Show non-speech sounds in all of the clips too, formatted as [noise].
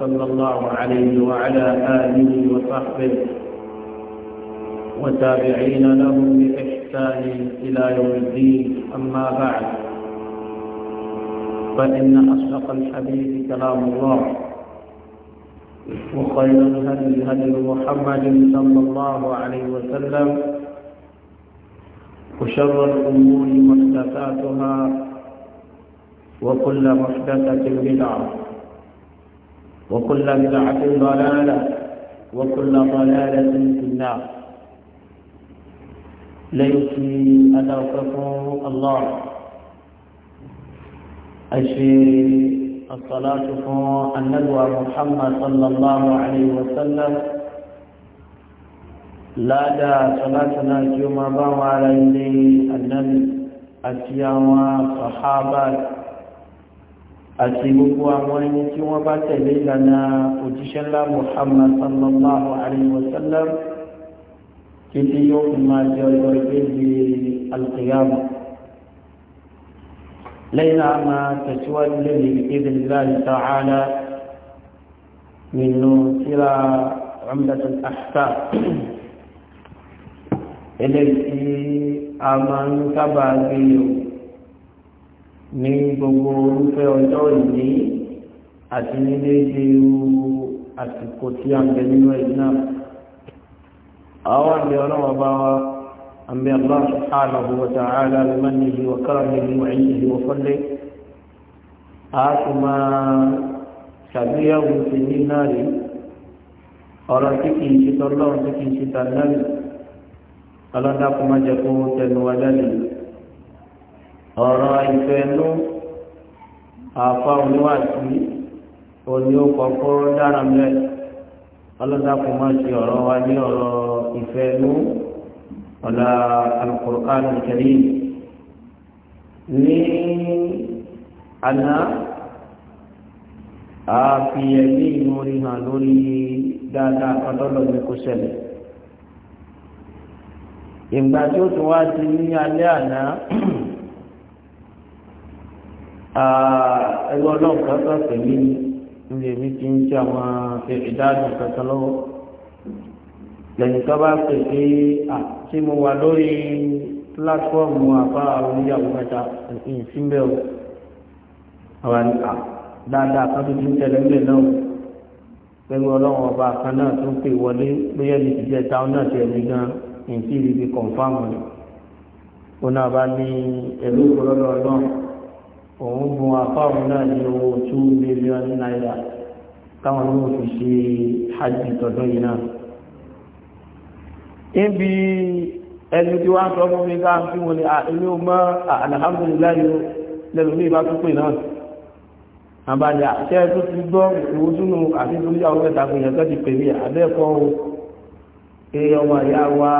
صلى الله عليه وعلى آله وصحبه وتابعين لهم بإحسان إلى يوم الدين أما بعد فإن أصدق الحديث كلام الله وخير الهدي هدي محمد صلى الله عليه وسلم وشر الأمور محدثاتها وكل محدثة بدعة وكل بدعة ضلالة وكل ضلالة في النار أن أوقفوا الله أشي الصلاة النبوة محمد صلى الله عليه وسلم لا دا صلاتنا كما بوا على النبي أتيا وصحابات àti gbogbo àwọn ẹni tí wọ́n bá tẹ̀lé ìlànà òjíṣẹ́ ńlá Muhammad sallallahu alayhi wa sallam títí yóò fi máa jẹ ọjọ́ ìgbésí alqiyama lẹ́yìn náà máa tẹ̀síwájú lẹ́yìn bi'idhnillahi ta'ala nínú síra Umdatul Ahkam eléyìí a máa ń sábà gbé yòó ní gbogbo orúfẹ́ ọjọ́ ìní àti ní déédéé irú àsìkò tí a ń bẹ nínú ẹ̀yìn náà àwọn àmì ọlọ́wọ́ bá wa àmì Allah subhanahu wa ta'ala bi mannihi wa karamihi wa 'izzihi wa fadlihi a sì máa ṣàgbéyàwó sí ní náà rí ọ̀rọ̀ tí kìí ṣe tọ́lọ́run tí kìí ṣe tànàrí ọlọ́dà kò má jẹ́ kó tẹnu wa jáde ọ̀rọ̀ ìfẹ́nú àfa oníwàásí òní ó kọ́kọ́ dára mẹ́ ọlọ́dàkùn máa ṣe ọ̀rọ̀ wa ní ọ̀rọ̀ ìfẹ́nú ọ̀la al-Qur'an al-Karim ní àná àfihàn ní ìlú orí hàn lórí dáadáa ọlọ́lọ́ ní kò ṣẹlẹ̀ ìgbà tí ó tún wá sí ní alẹ́ àná ẹgbẹ́ ọlọ́run kankan pèmí níbi èmi ti ń jẹ́ àwọn ìdájọ́ kankan lọ́wọ́ lẹ́yìn tó bá pè pé tí mo wà lórí pílátífọ́ọ̀mù àbá oníyàwó mẹ́ta ìfínbẹ́ o àwọn à dáadáa kan tó ti ń tẹ̀lé ńlẹ̀ náà pẹ̀lú ọlọ́run ọba kan náà tó ń pè wọlé lóyè ní ti táwọn náà tẹ̀lé gan ìfínbẹ́ kọ̀ǹfàmù rẹ̀ ó náà bá ní ẹ̀rú ìkọlọ́lọ́ ọlọ́run òun gun àfáwọn náà ní owó two million naira táwọn náà fi ṣe hajj tọdún yìí náà níbi ẹni tí wọ́n sọ fún mi ká fi wọn ni àìní o mọ́ alhamdulilayi lẹ́nu ní ìbá tó pè náà àbájá àti ẹ tó ti gbọ́ ìwòsúnú àti ìtòlíyàwó mẹ́ta fún ìyẹn tó ti pè mí àbẹ́ẹ̀kọ́ o ọmọ ìyá wa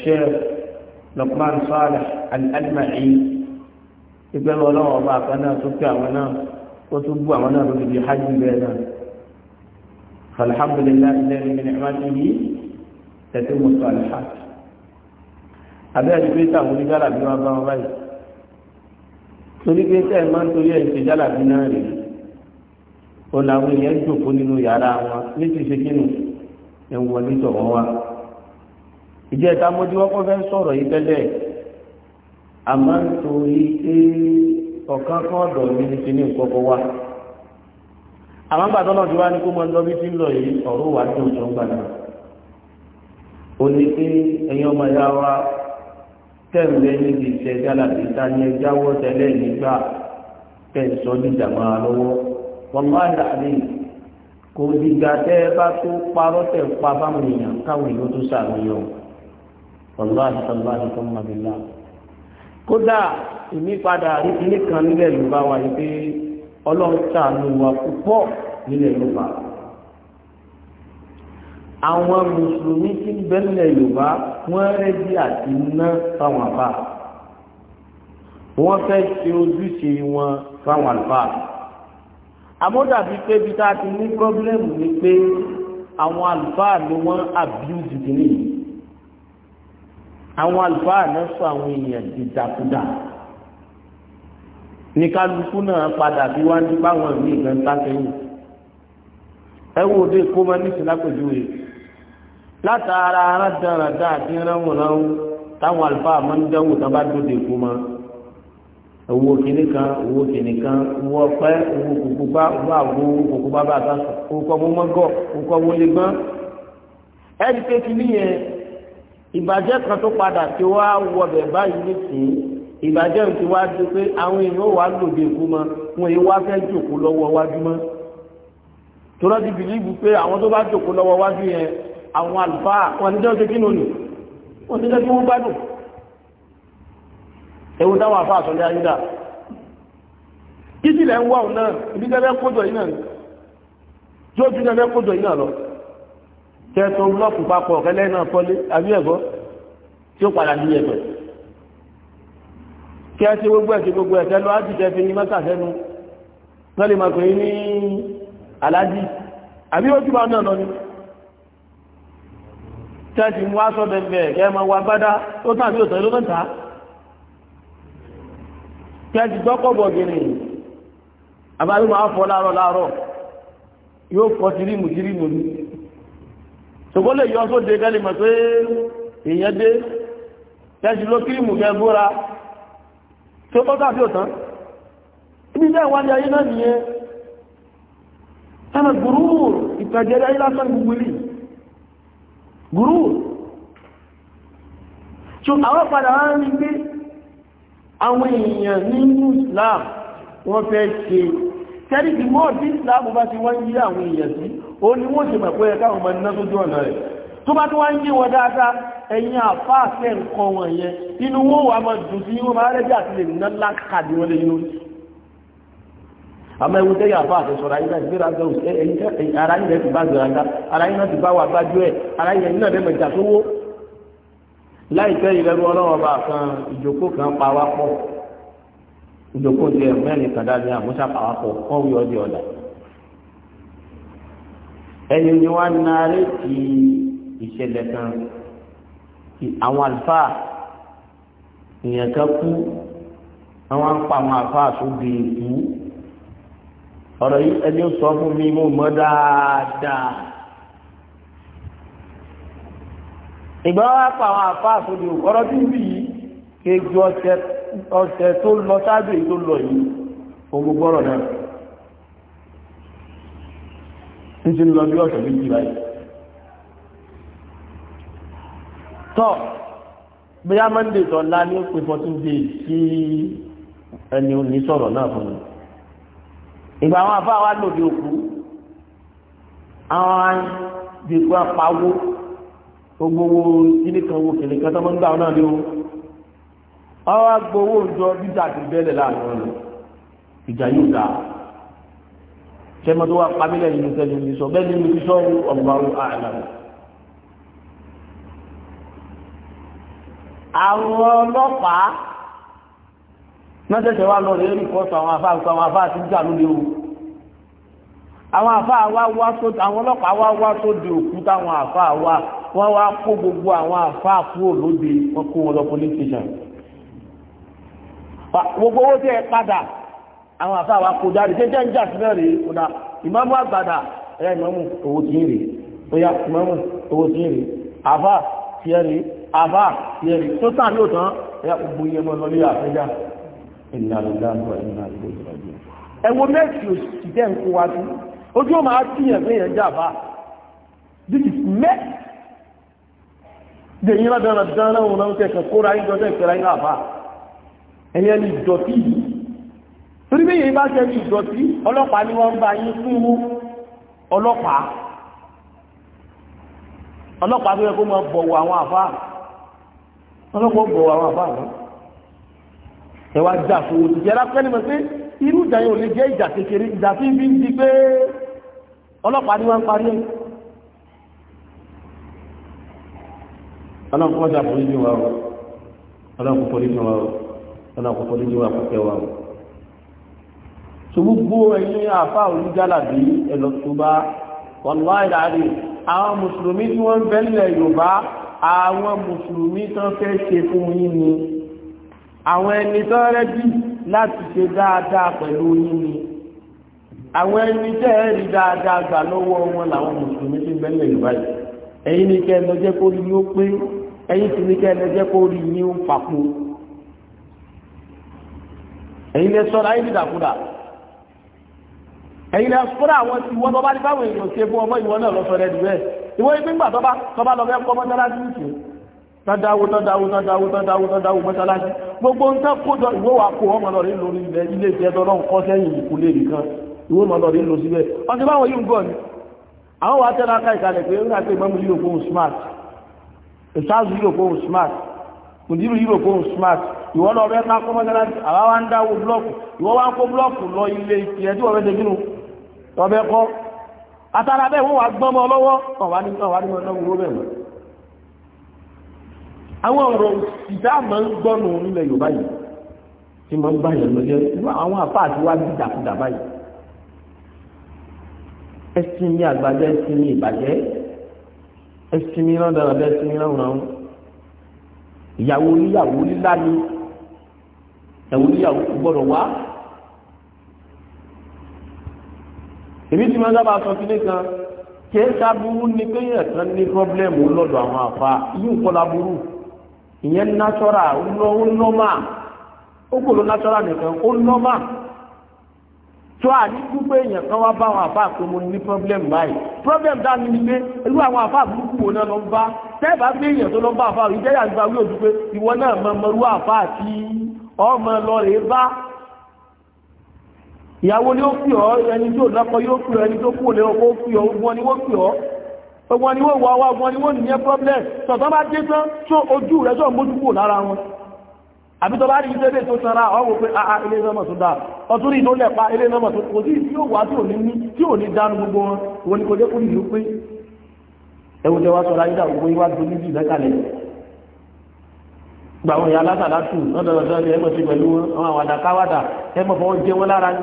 Sheikh Luqman Salih Al-Ajma'i ìgbẹ́rù ọlọ́wọ́ ọba àkan náà tó pé àwọn náà ó tún bú àwọn náà lórí ibi hajj bẹ́ẹ̀ náà alhamdulilayi ilẹ̀ mi ní ìmọ̀ níbi tẹ̀tẹ̀ mo sọ alhaj abẹ́ àti pé táwọn onígbàlà bí wọ́n bá wọn báyìí torí pé tẹ́ ẹ̀ máa ń torí ẹ̀ ṣe jálà bí náà rèé ó làwọn èèyàn jòkó nínú yàrá wọn ní ti ṣe kínú ẹ̀ ń wọlé tọ̀ wọ́n wá ìjẹ́ ìta mojú wọ́pọ̀ fẹ́ sọ̀rọ̀ yìí tẹ́lẹ̀ àmọ́ nítorí pé ọ̀kan kan ọ̀dọ̀ mi ní kíní kọ́kọ́ wá àmọ́ gbà tọ́lọ́ ti wá ní kó mọ lọ bí ti ń lọ yìí ọ̀rọ̀ wà tó tó ń gbàdá ó ní pé ẹ̀yin ọmọ ìyá wa tẹ̀lé níbi ìṣẹ̀dá làbí ta ní ẹjáwọ́ tẹ́lẹ̀ nígbà tẹ̀sọ́ dídà máa lọ́wọ́ wọn máa dà ní kò dìgbà tẹ́ ẹ bá tó parọ́ tẹ̀ pa báwọn èèyàn káwọn èèyàn tó sàròyọ̀ ọ̀lá àti ọ̀lá àti ọ̀mọ̀bìnrin kódà èmi padà rí ilé kan nílẹ̀ yorùbá wa yìí pé ọlọ́run ṣàánú wa púpọ̀ nílẹ̀ yorùbá àwọn mùsùlùmí tí ń bẹ́lẹ̀ yorùbá wọ́n rẹ́dí àti ná fáwọn àbá wọ́n fẹ́ ṣe ojúṣe wọn fáwọn àlùfà àmọ́dàbí pé bí tá a ti ní pọ́blẹ́mù ni pé àwọn àlùfà ló wọ́n abuse kìíní yìí àwọn àlùfáà náà sọ àwọn èèyàn dìdàkudà ní kálukú náà padà bí wá ní báwọn ìlú ìgbẹ́ ń bá sẹ́yìn ẹ wo òde kó máa ní ìsìlápèjúwe látara aráàdáradá àti ránwọ̀nránwọ̀ táwọn àlùfáà máa ń dánwò tán bá dóde kó máa owó kìnnì kan owó kìnnì kan owó ọpẹ owó kòkó bá owó àgbo owó kòkó bá bá a ta sọ owó kọ́ mọ́mọ́gọ́ owó kọ́ mọ́lẹ́gbọ́n ẹ̀ẹ́dì pé kìnnì yẹn ìbàjẹ́ kan tó padà tí wá wọbẹ̀ báyìí nísìnyí ìbàjẹ́ ti wá di pé àwọn èèyàn wà lòdì èkó mọ wọn èyí wá fẹ́ jòkó lọ́wọ́ wájú mọ́ tọ́lá ti bìlíìbù pé àwọn tó bá jòkó lọ́wọ́ wájú yẹn àwọn àlùfáà wọn níjọ́ ṣe kí ni òní wọn níjọ́ kí wọ́n gbádùn ẹ̀wọ̀n táwọn àfa àsọ̀lẹ̀ ayúdà kí sì lẹ́ ń wá òun náà ibi tẹ́lẹ̀ kójọ yìí náà jójú tẹ́lẹ̀ kójọ yìí náà lọ tẹ́tọ́ búlọ́ọ̀kù papọ̀ ọ̀kẹ́lẹ́ náà kọ́lé àbí ẹgbọ tí ó padà níyẹ̀ pẹ̀. kí ẹ gbogbo ẹ̀ ṣe gbogbo ẹ̀ tẹ́lọ ájì tẹ́ fi ní mẹ́ta sẹ́nu wọ́n lè máa ní aláàjì àbí bá náà mú aṣọ ẹ máa wá gbádá tàbí ló àbáyé máa yóò tìrìmù tìrìmù ni. ṣùgbọ́n lè yọ sóde kẹ́lìmọ̀ pé èèyàn dé tẹ́sí ló kírímù kẹ búra tó bọ́ sáfí òtán ibi jẹ́ ìwádìí ayé náà nìyẹn ẹnà gùrúù ìtàjẹ́rẹ́ ayé lásán gbogbo ilé gùrúù tó àwọn padà wá rí pé àwọn èèyàn nínú Islam wọ́n fẹ́ ṣe tẹ́rì tí Islam bá ti wá àwọn èèyàn sí ó ní wọ́n ti mọ̀ pé ẹ̀ká ọmọ iná tó jọ ọ̀nà rẹ̀ tó bá tó wá ń yí wọn dáadáa ẹ̀yìn àfáàfẹ́ nǹkan wọn yẹn inú wọn wà máa dùn sí wọn máa rẹ́bí àti lè ná lákàdé wọn lè yín lórí àmọ́ ewu tẹ́yà àfáàfẹ́ sọ̀rọ̀ ayé náà gbéra gbẹ̀rù ẹ̀yìn ara yìí rẹ̀ ti bá gbéra gbá ara yìí náà ti bá wà gbájú láìpẹ́ ìrẹ́rú ọlọ́wọ́ bá kan ìjókòó kan pa wá pọ̀ ìjókòó tiẹ̀ mẹ́rin àmúṣàpàwápọ̀ kọ́wé ọdẹ ọ̀dà ẹni ni wọ́n na rétí ìṣẹ̀lẹ̀ kan àwọn àlùfáà èèyàn kan kú àwọn ń pa àwọn àlùfáà sóde ìkú ọ̀rọ̀ yìí ẹni sọ fún mi mo mọ̀ dáadáa. ìgbà wa pa àwọn àlùfáà sóde ìkú ọ̀rọ̀ tí ń bì yìí kejì ọ̀sẹ̀ tó lọ sáájú èyí tó lọ yìí òun gbọ́rọ̀ náà ń ṣe lọ bí ọ̀sẹ̀ méjì báyìí tọ́ bóyá monday tó ńlá ní ó pé fourteen days sí ẹni òní sọ̀rọ̀ náà fún mi ìgbà àwọn afá wa lòdì òkú àwọn dìgbò apawó gbogbo wo kíní kan wo kìnìkan tó máa ń gbà wọn náà ní o ọwọ́ gbowó ìjọ bíjà ti bẹ́lẹ̀ láàrin ọ̀nà ìjà yóò dáa sẹ́mọ́ tó wá pamílẹ̀ nínú tẹ́lẹ̀ ní sọ bẹ́ẹ̀ nínú sọ Allahu a'lam. àwọn ọlọ́pàá mẹ́tẹ̀ẹ̀tẹ̀ wá lọ lórí kọ́sọ̀ àwọn afá àti àwọn afá àti jà lóde o àwọn afá wa wá tó àwọn ọlọ́pàá wá wá tó di òkú táwọn afá wa wọ́n wá kó gbogbo àwọn afá kúrò lóde wọ́n kó wọn lọ police station gbogbo owó tẹ́ padà àwọn àfáà wa kò dáre ṣé jẹ́ ń jà sílẹ̀ rèé kò dá ìmáàmù àgbàdà ẹ̀yà ìmáàmù owó tí ń rèé bóyá ìmáàmù owó tí ń rèé àfáà tiẹ̀ rèé àfáà tiẹ̀ rèé tó sàn ló tán ẹ̀yà gbogbo iye mọ́ lọlé àfẹ́jà ẹ̀wọ̀n mẹ́sì òsì jẹ́ ń kó wa sí ojú ọmọ á tíyàn fún èèyàn jàfà this is mess dèyìn ládàrádàrá òun náà ń tẹ̀kẹ̀ kóra ìjọ́jọ́ ìpẹ̀rẹ̀ ìlàfà ẹ̀yẹn ni ìdọ̀tí yìí torí bí èyí bá ṣẹlẹ̀ ìdọ̀tí ọlọ́pàá ni wọ́n ń bá yín fún ọlọ́pàá ọlọ́pàá tó yẹ kó máa bọ̀wọ̀ àwọn àfáà ọlọ́pàá bọ̀wọ̀ àwọn àfáà lọ ẹ wá jà fún òtù jẹ́ lápẹ́ ni mo pé irú ìjà yẹn ò lè jẹ́ ìjà kékeré ìjà tí bí ń di pé ọlọ́pàá ni wọ́n parí ẹ̀ ọlọ́pàá ọjà pọ̀lì ní ọlọ́pàá pọ̀lì ní ọlọ́pàá pọ̀lì ní wa kọ̀kẹ́ gbogbo ẹ̀yin àfá olùjálàbí ẹ̀lọ́tọ́bá wọ́nlá ìdárí àwọn mùsùlùmí tí wọ́n ń bẹ́lẹ̀ yorùbá àwọn mùsùlùmí tán fẹ́ ṣe fún yín ni àwọn ẹni tán rẹ́dí láti ṣe dáadáa pẹ̀lú yín ni àwọn ẹni tẹ́ ẹ̀ rí dáadáa gbà lọ́wọ́ wọn làwọn mùsùlùmí tí ń bẹ́lẹ̀ yorùbá yìí ẹ̀yin ni kẹ́ ẹ lọ kó rí yín ó pé ẹ̀yin sì ni kẹ́ ẹ lọ kó rí yín ó papò ẹ̀yin lẹ sọ́ra ẹ̀yin dìdàkudà ẹ̀yin náà fúnra àwọn tí wọ́n tó bá ní báwọn èèyàn ṣe fún ọmọ ìwọ náà lọ́sọ̀rọ̀ ẹ̀dùn rẹ̀ ìwọ ibi ńgbà tọ́ba tọ́ba lọ fẹ́ kọ́ mọ́sálásí ìṣe tọ́dáwó tọ́dáwó tọ́dáwó tọ́dáwó tọ́dáwó mọ́sálásí gbogbo ń tẹ́ kó jọ ìwọ wa kó ọmọ lọ rí lórí ilẹ̀ ilé ìfẹ́ tọ́lọ́hún kọ́ sẹ́yìn ìkúlé nìkan ìwọ mọ̀ lọ rí lọ síbẹ̀ ọtí báwọn yìí ń gbọ́ ni àwọn wa tẹ́ra ká ìkàlẹ̀ pé ńlá pé mọ́mú yìí òkóhùn smart ìsáàzù yìí òkóhùn smart mùdírù yìí òkóhùn smart ìwọ lọ rẹ́ ká kọ́ mọ́sálásí àwa wa ń dáwó búlọ́ọ̀kù ìwọ wa ń kó búlọ́ọ̀kù lọ ilé ìfẹ́ tí wọ́n fẹ́ tọ́bẹ́ kọ́ àtàrà bẹ́ẹ̀ wọ́n wà gbọ́mọ lọ́wọ́ àwọn ọ̀rọ̀ ìdá ma ń gbọ́nù nílẹ̀ Yorùbá yìí tí ma ń báyìí lọ́jẹ́ àwọn àfáà tí wá dìdàkudà báyìí ẹsìn ní àgbàjẹ́ ẹsìn ní ìbàjẹ́ ẹsìn ní rándaràdà ẹsìn ní ránranrun ìyàwó oníyàwó lílá ni ìyàwó oníyàwó gbọ́dọ̀ wá èmi tí wọ́n sábà sọ kílé kan kí sábúrú ni kéèyàn kan ní pọ́blẹ́mù lọ́dọ̀ àwọn àfa yìí ń kọ́lá burú ìyẹn nátọ́rà ó nọ́mà ó kò ló nátọ́rà nìkan ó nọ́mà tó àdínkù pé èèyàn kan wá bá àwọn àfa pé mo ní pọ́blẹ́mù báyìí pọ́blẹ́mù dá ni pé irú àwọn àfa burúkú wo náà lọ ń bá tẹ́ẹ̀bá gbé èèyàn tó lọ bá àfa rí jẹ́yà gba wíwò dúpẹ́ ìwọ náà mọ ìyàwó ni ó fi ọ́ ẹni tó lọ́kọ yóò fi ọ́ ẹni tó kú lé ọkọ ó fi ọ́ ogun ni wọ́n fi ọ́ ogun ni wọ́n wà wá ogun ni wọ́n nìyẹn problem tọ̀tọ́ bá dé tán tó ojú rẹ̀ tó ń bójú kúrò lára wọn àbí tó bá rí iṣẹ́ lè tó sanra ọwọ́ pé àà ah, ah, ilé nọ́mọ̀ tó dáa ọtún rí ìlú lẹ́pa ilé nọ́mọ̀ tó kò sí tí ó wà tí ò ní ní tí ò ní dánú gbogbo wọn wọn ni kò dé kúrò ìlú pé ẹwọ́n tẹ wá sọ láyé dàgbogbo yín wá do níbi ìbẹ́kàlẹ̀ gbà wọn ìyá alásàlá tù lọ́dọ̀dọ̀ ẹgbẹ́ sí pẹ̀lú àwọn àwàdà káwàdà ẹgbẹ́ fọwọ́ jẹ wọn lára ni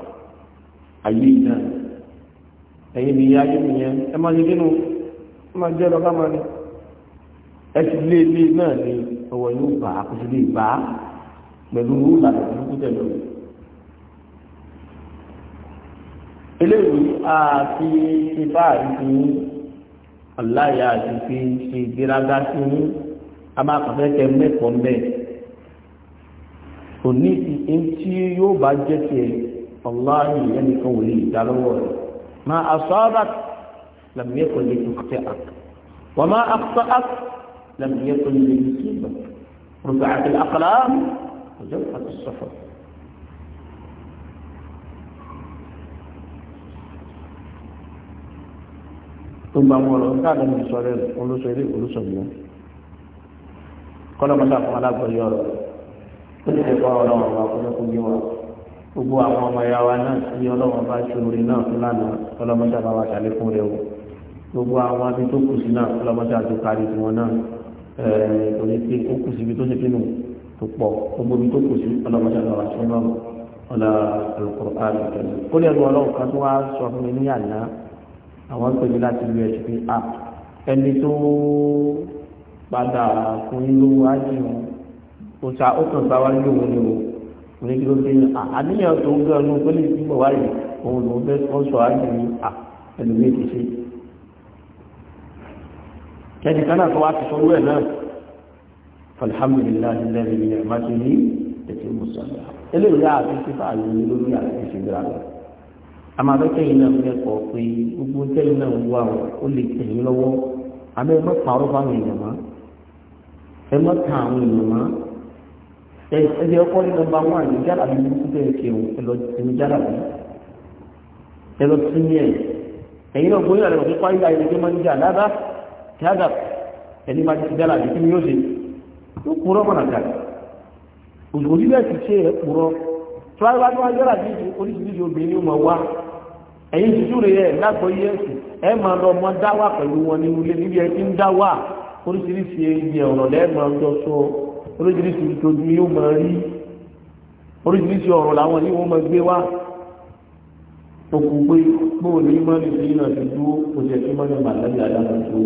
ayé náà ẹ̀yìn ni ayé mi yẹn ẹ máa ní nínú ẹ máa jẹ́ lọ́gá máa ní ẹ ti lé ilé náà ní ọwọ́ yóò bá àkóso lè bá pẹ̀lú ìlànà burúkú tẹ̀lé rẹ̀. eléyìí àti ìfá àti aláya àti fi ṣe ìgbéraga sí ní abákanfẹ́ mẹ́kọ̀ọ́ mẹ́ òní ti ń tí yóò bá jẹ́ tiẹ̀. الله يعني قولي دلوري ما أصابك لم يكن لتخطئك وما أخطأك لم يكن ليصيبك رفعت الأقلام وجفت الصفر ثم أقول أن كان من سرير أولو سرير أولو سرير قال ما شاء الله قال الله يا رب قل لي قال الله gbogbo àwọn ọmọ ìyá wa náà tí ọlọ́wọ́n bá ṣe orin náà fún lánàá ọlọ́mọdé àbáwá ṣàlékún rẹ o gbogbo àwọn abí tó kù sí náà ọlọ́mọdé àti kárí tiwọn náà eh, torí pé ó kù síbi tó ṣe kínú tó pọ̀ gbogbo ibi tó kù sí ọlọ́mọdé àbáwá ṣe náà ọ̀la Al-Qur'an àtẹ̀lẹ́ kó lè lu ọlọ́run kan tó wá sọ fún mi ní àná àwọn ń pèmí láti lu ẹ̀sùn pé a ẹni tó padà fún ìlú wájú ó ta ó kàn bá wájú ni o ní kí ló ṣe ń àníyàn tó ń gbé ọdún tó lè fi bọ̀ wáyé òun ló fẹ́ kọ́ sọ àyè ní ẹlòmí ti ṣe. kẹ́ni kan náà tó wá ti sọ lóẹ̀ náà alhamdulilayi lẹ́yìn ní ẹ̀ma ti ní ètò ìmùsọ̀lá eléyìí á fi ṣe fáàlì ní lórí àti ìṣègbè ẹ̀jẹ̀ ọkọ ní nọ́mbà wọn àti jára ní ìpínlẹ̀ ẹlọ jára ẹlọ tí ní ẹ náà gbóyè rẹ ẹni jà ẹni máa ti jára àdìsí ni yóò ṣe yóò kúrọ mọ̀nà ká òṣèlú bẹ́ẹ̀ ti ṣe ẹ̀ kúrọ tó wáyé wájú wájú jára àdìsí oríṣiríṣi obìnrin ó máa wá ẹ̀yin tuntun rẹ̀ ẹ̀ lágbọ́ yẹ́sì ndị máa lọ ọmọ dáwà pẹ̀lú wọn níbi ti ń dáwà oríṣiríṣi oríṣiríṣi ìtòjú yóò máa rí oríṣiríṣi ọ̀rọ̀ làwọn yìí wọ́n máa gbé wá òkú pé gbóò ní mọ́ni sí iná ti dúró kò jẹ́ kí mọ́ni màlẹ́bí adáná tó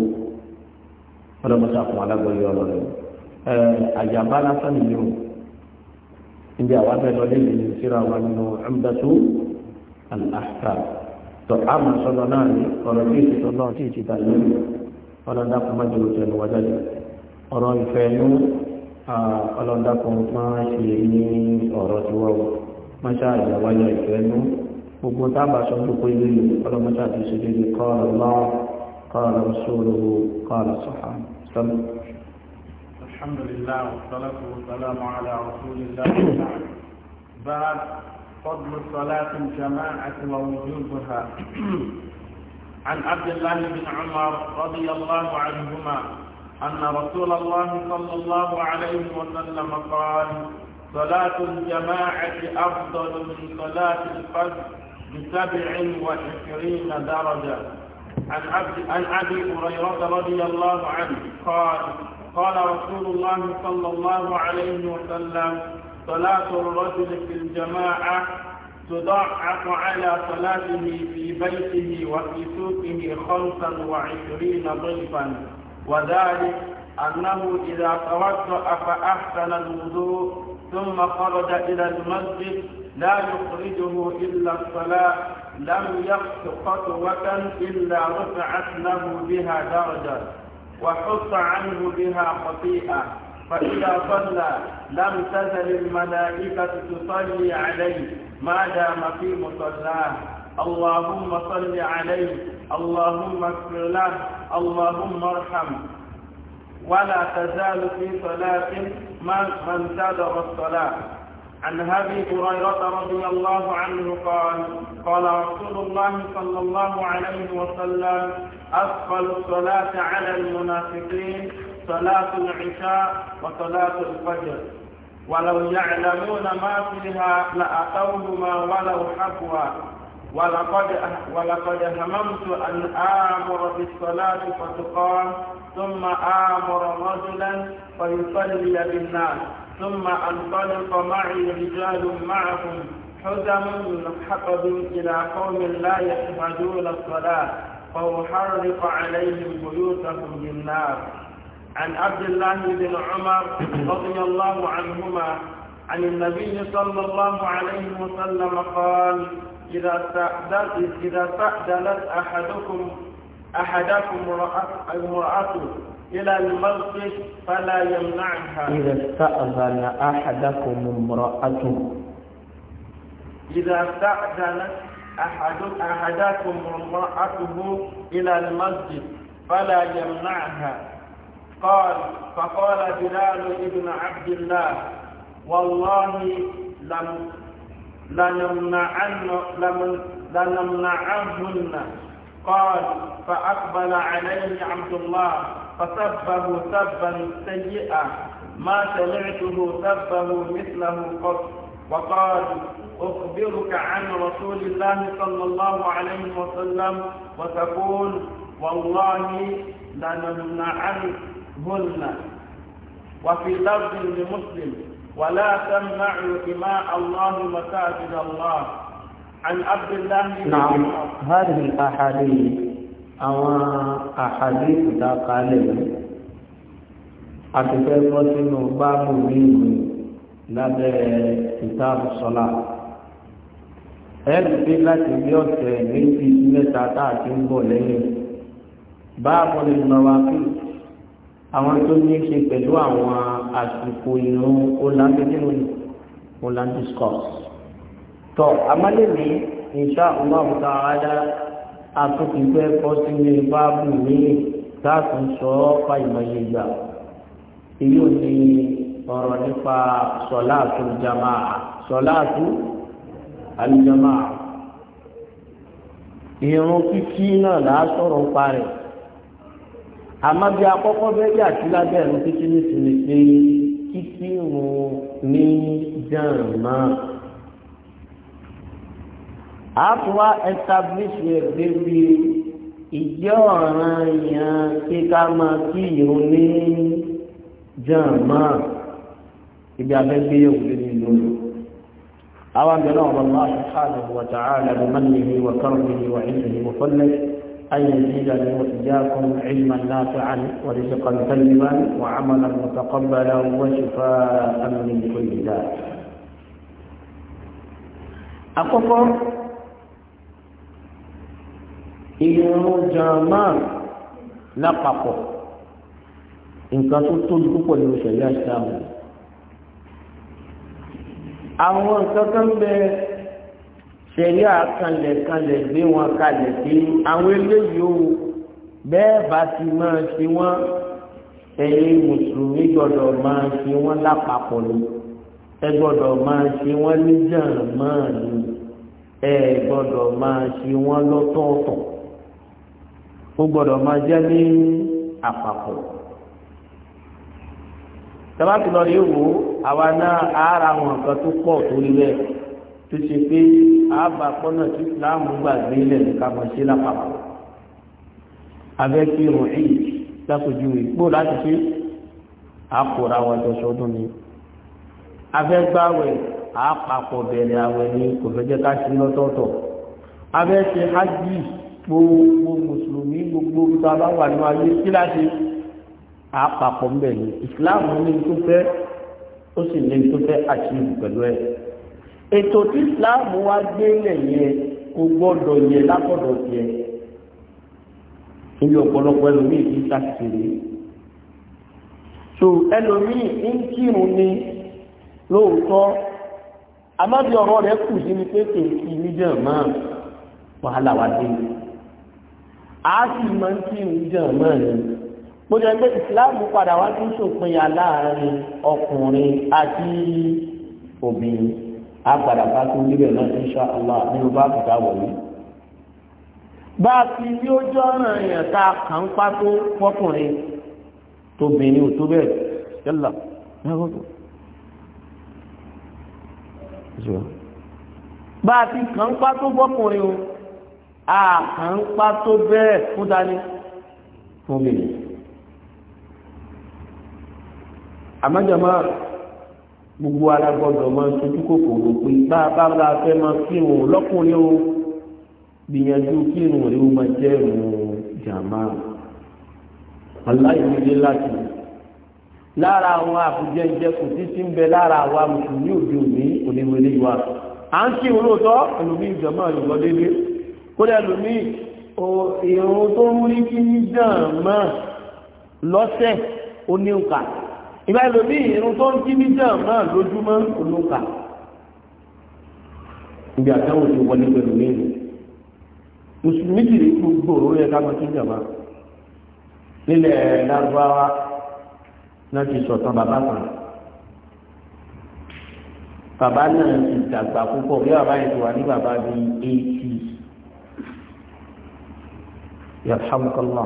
ọlọ́mọta fún alágbọ̀yé ọ̀rọ̀ rẹ̀ ẹ̀ àjàmbá lásán nìyí o níbi àwa bẹ́ẹ̀ lọ lé ìlú síra wa nínú ẹ̀mdàtú àlàáfà tó àmà sọ̀nà náà ní ọ̀rọ̀ tí èsì tó náà tí èsì tà lórí ọlọ́dà kọ́mọ́jọ́ ló tẹnu wájà ọlọ́dàkùn máa ṣe ní ọ̀rọ̀ tí wọ́n wọ́n ṣáà ìyàwáyọ̀ ìfẹ́nu gbogbo tábà sọ gbogbo ilé ọlọ́mọṣà ti ṣe dédé qala Allah qala rasuluhu qala sahaba alhamdulillah wassalatu wassalamu ala rasulillah ba'd فضل صلاة الجماعة ووجوبها عن عبد الله بن عمر رضي الله عنهما أن رسول الله صلى الله عليه وسلم قال صلاة الجماعة أفضل من صلاة الفجر بسبع وعشرين درجة عن عن أبي هريرة رضي الله عنه قال قال رسول الله صلى الله عليه وسلم صلاة الرجل في الجماعة تضاعف على صلاته في بيته وفي سوقه خمسا وعشرين ضيفا وذلك أنه إذا توضأ فأحسن الوضوء ثم خرج إلى المسجد لا يخرجه إلا الصلاة لم يخط خطوة إلا رفعت له بها درجة وحط عنه بها خطيئة فإذا صلى لم تزل الملائكة تصلي عليه ما دام في مصلاه اللهم صل عليه اللهم اغفر له اللهم ارحمه ولا تزال في صلاة من انتدر الصلاة عن أبي هريرة رضي الله عنه قال قال رسول الله صلى الله عليه وسلم أثقل الصلاة على المنافقين صلاة العشاء وصلاة الفجر ولو يعلمون ما فيها لأتوهما ولو حبوا ولقد أه- ولقد هممت أن آمر بالصلاة فتقام ثم آمر رجلا فيصلي بالناس ثم انطلق معي رجال معهم حزم من حطب إلى قوم لا يشهدون الصلاة فأحرق عليهم بيوتهم بالنار عن عبد الله بن عمر رضي الله عنهما عن النبي صلى الله عليه وسلم قال إذا استعدل إذا استعدلت أحدكم أحدكم امرأته إلى المسجد فلا يمنعها إذا استأذن أحدكم امرأته إذا استأذنت أحد أحدكم امرأته إلى المسجد فلا يمنعها قال فقال بلال ابن عبد الله والله لم لنمنعهن قال فأقبل عليه عبد الله فسبه سبا سيئا ما سمعته سبه مثله قط وقال أخبرك عن رسول الله صلى الله عليه وسلم وتقول والله لنمنعهن وفي لفظ لمسلم ولا تمنعوا إماء الله مساجد الله عن عبد الله نعم هذه الأحاديث أو أحاديث ذا قالب أتفقوا سنو باب منه lábẹ́ kìtàbù sọ́lá ẹ̀rù pé láti bí ọ̀sẹ̀ méjì mẹ́ta táà ti ń bọ̀ lẹ́yìn báàbọ̀ nínú ọwá pé àwọn tó ní ṣe pẹ̀lú àwọn àsìkò ìrún olùdámẹ́jìnnú olùdáscos. tọ́ amálẹ́mí insha Allah ta'ala àtúntìgbẹ́ kọ́ sínú báàbù míì táàtún sọ ọ́ fàyìmọ̀yé gbà. èyí ò ní ọ̀rọ̀ nípa sọ̀láàtú jamaa sọ̀láàtú aljamaa. ìrún kíkí náà làá sọ̀rọ̀ parẹ̀ àmọ́ bí akọ́kọ́ bẹ́ẹ̀ yà sí lábẹ́ ẹ̀rọ títí ní sinmi pé kíkí run ní jàǹmá. a tún wá establish rẹ̀ débi ìjẹ́ ọ̀ràn yẹn kí ká máa kí irun ní jàǹmá. ibi abẹ́gbé yẹ̀wò lé ní lónìí. àwọn àgbẹ̀ náà wọ́n máa ṣe ṣáàlù wọ̀tàálà bí mọ́nìyí wọ̀kọ́rọ̀ bí wọ̀nyí أن يزيدني وإياكم علما نافعا ورزقا طيبا وعملا متقبلا وشفاء من كل داء àkọ́kọ́ ìrun jamaa lápapọ̀ nǹkan tó tóbi púpọ̀ ní ìṣẹ̀lẹ̀ àṣà àwọn nǹkan kan bẹ́ẹ̀ ṣẹ̀ríà kanlẹ̀kanlẹ̀ gbé wọn kalẹ̀ pé àwọn eléyìí ó bẹ́ẹ̀ bá ti máa ṣe wọ́n ẹ̀yin mùsùlùmí gbọ́dọ̀ máa ṣe wọ́n lápapọ̀ ni ẹ gbọ́dọ̀ máa ṣe wọ́n níjàn ni ẹ gbọ́dọ̀ máa ṣe wọ́n lọ́tọ̀ọ̀tọ̀ ó gbọ́dọ̀ máa jẹ́ ní àpapọ̀ tabati lọ rí wo àwa náà ara àwọn nǹkan tó pọ̀ tó bẹ́ẹ̀ tó ṣe pé àbá pọ́nà tí láàmú gbàgbé ilẹ̀ nìkan mọ̀ sí lápapọ̀ abẹ́ kí irun èyí lápòjú ìgbó láti ṣe àkóra wọn jọ sọdún ni abẹ́ gbáwẹ̀ àpapọ̀ bẹ̀rẹ̀ àwẹ̀ ni kò fẹ́ jẹ́ ká sí lọ́tọ̀ọ̀tọ̀ abẹ́ ṣe hajj gbogbo mùsùlùmí gbogbo tó bá wà ní ayé kí láti àpapọ̀ ń bẹ̀ ni ìsìláàmù ní tó fẹ́ ó sì ní tó fẹ́ àṣírí pẹ̀lú ẹ̀ ètò tí ìsìláàmù wá gbé lẹ̀ yẹn kò gbọ́dọ̀ yẹ lápọ̀dọ̀ yẹ níbi ọ̀pọ̀lọpọ̀ ẹlòmíì ti ṣàṣìṣe so ẹlòmíì ń kírun ni lóòótọ́ amábi ọ̀rọ̀ rẹ̀ kù sí ni pé kò kí níjà máa wàhálà wá dé a sì máa ń kí níjà máa ni mo jẹ́ pé ìsìláàmù padà wá tún ṣòpin yà láàrin ọkùnrin àti obìnrin á padà bá tó níbẹ̀ náà insha Allah nínú bá kìtà wọ̀nyí. bá a ti ní ojú ọ̀nà èèyàn tá a kàn ń pátó fọkùnrin tóbìnrin ò tó bẹ́ẹ̀ yálà bá a ti kàn ń pátó fọkùnrin o a kàn ń pátó bẹ́ẹ̀ fún dání fún bìnrin. àmọ́jọ́ máa gbogbo alágbọ́dọ̀ máa ń sojú kòkòrò pé bá a bá la fẹ́ máa kírun lọ́kùnrin o gbìyànjú kírun rẹ ó máa jẹ́ ìrùn jàmá aláìnílé láti lára àwọn àfijẹ́jẹ́ kò sí sí ń bẹ lára àwa mùsùlùmí òde òní oníwèlé wa à ń kírun lóòótọ́ ẹlòmíì jàmá ìlú dédé kódà ẹlòmíì ìrùn tó ń rí kí ní jàmá lọ́sẹ̀ ó ìgbà ìlòmí irun tó ń kí níjà náà lójúmọ́ olóka ibi àtàwọn òṣèlú wọlé pẹ̀lú lẹ́nu mùsùlùmí sì rí gbogbo òróró ẹ̀ka máa tún jàmá nílẹ̀ lárúbáwá náà ti sọ̀tàn bàbá kan bàbá náà ti dàgbà púpọ̀ bí bàbá yẹn ti wà ní bàbá bíi eighty yàtọ̀ hàmùkọ́lá.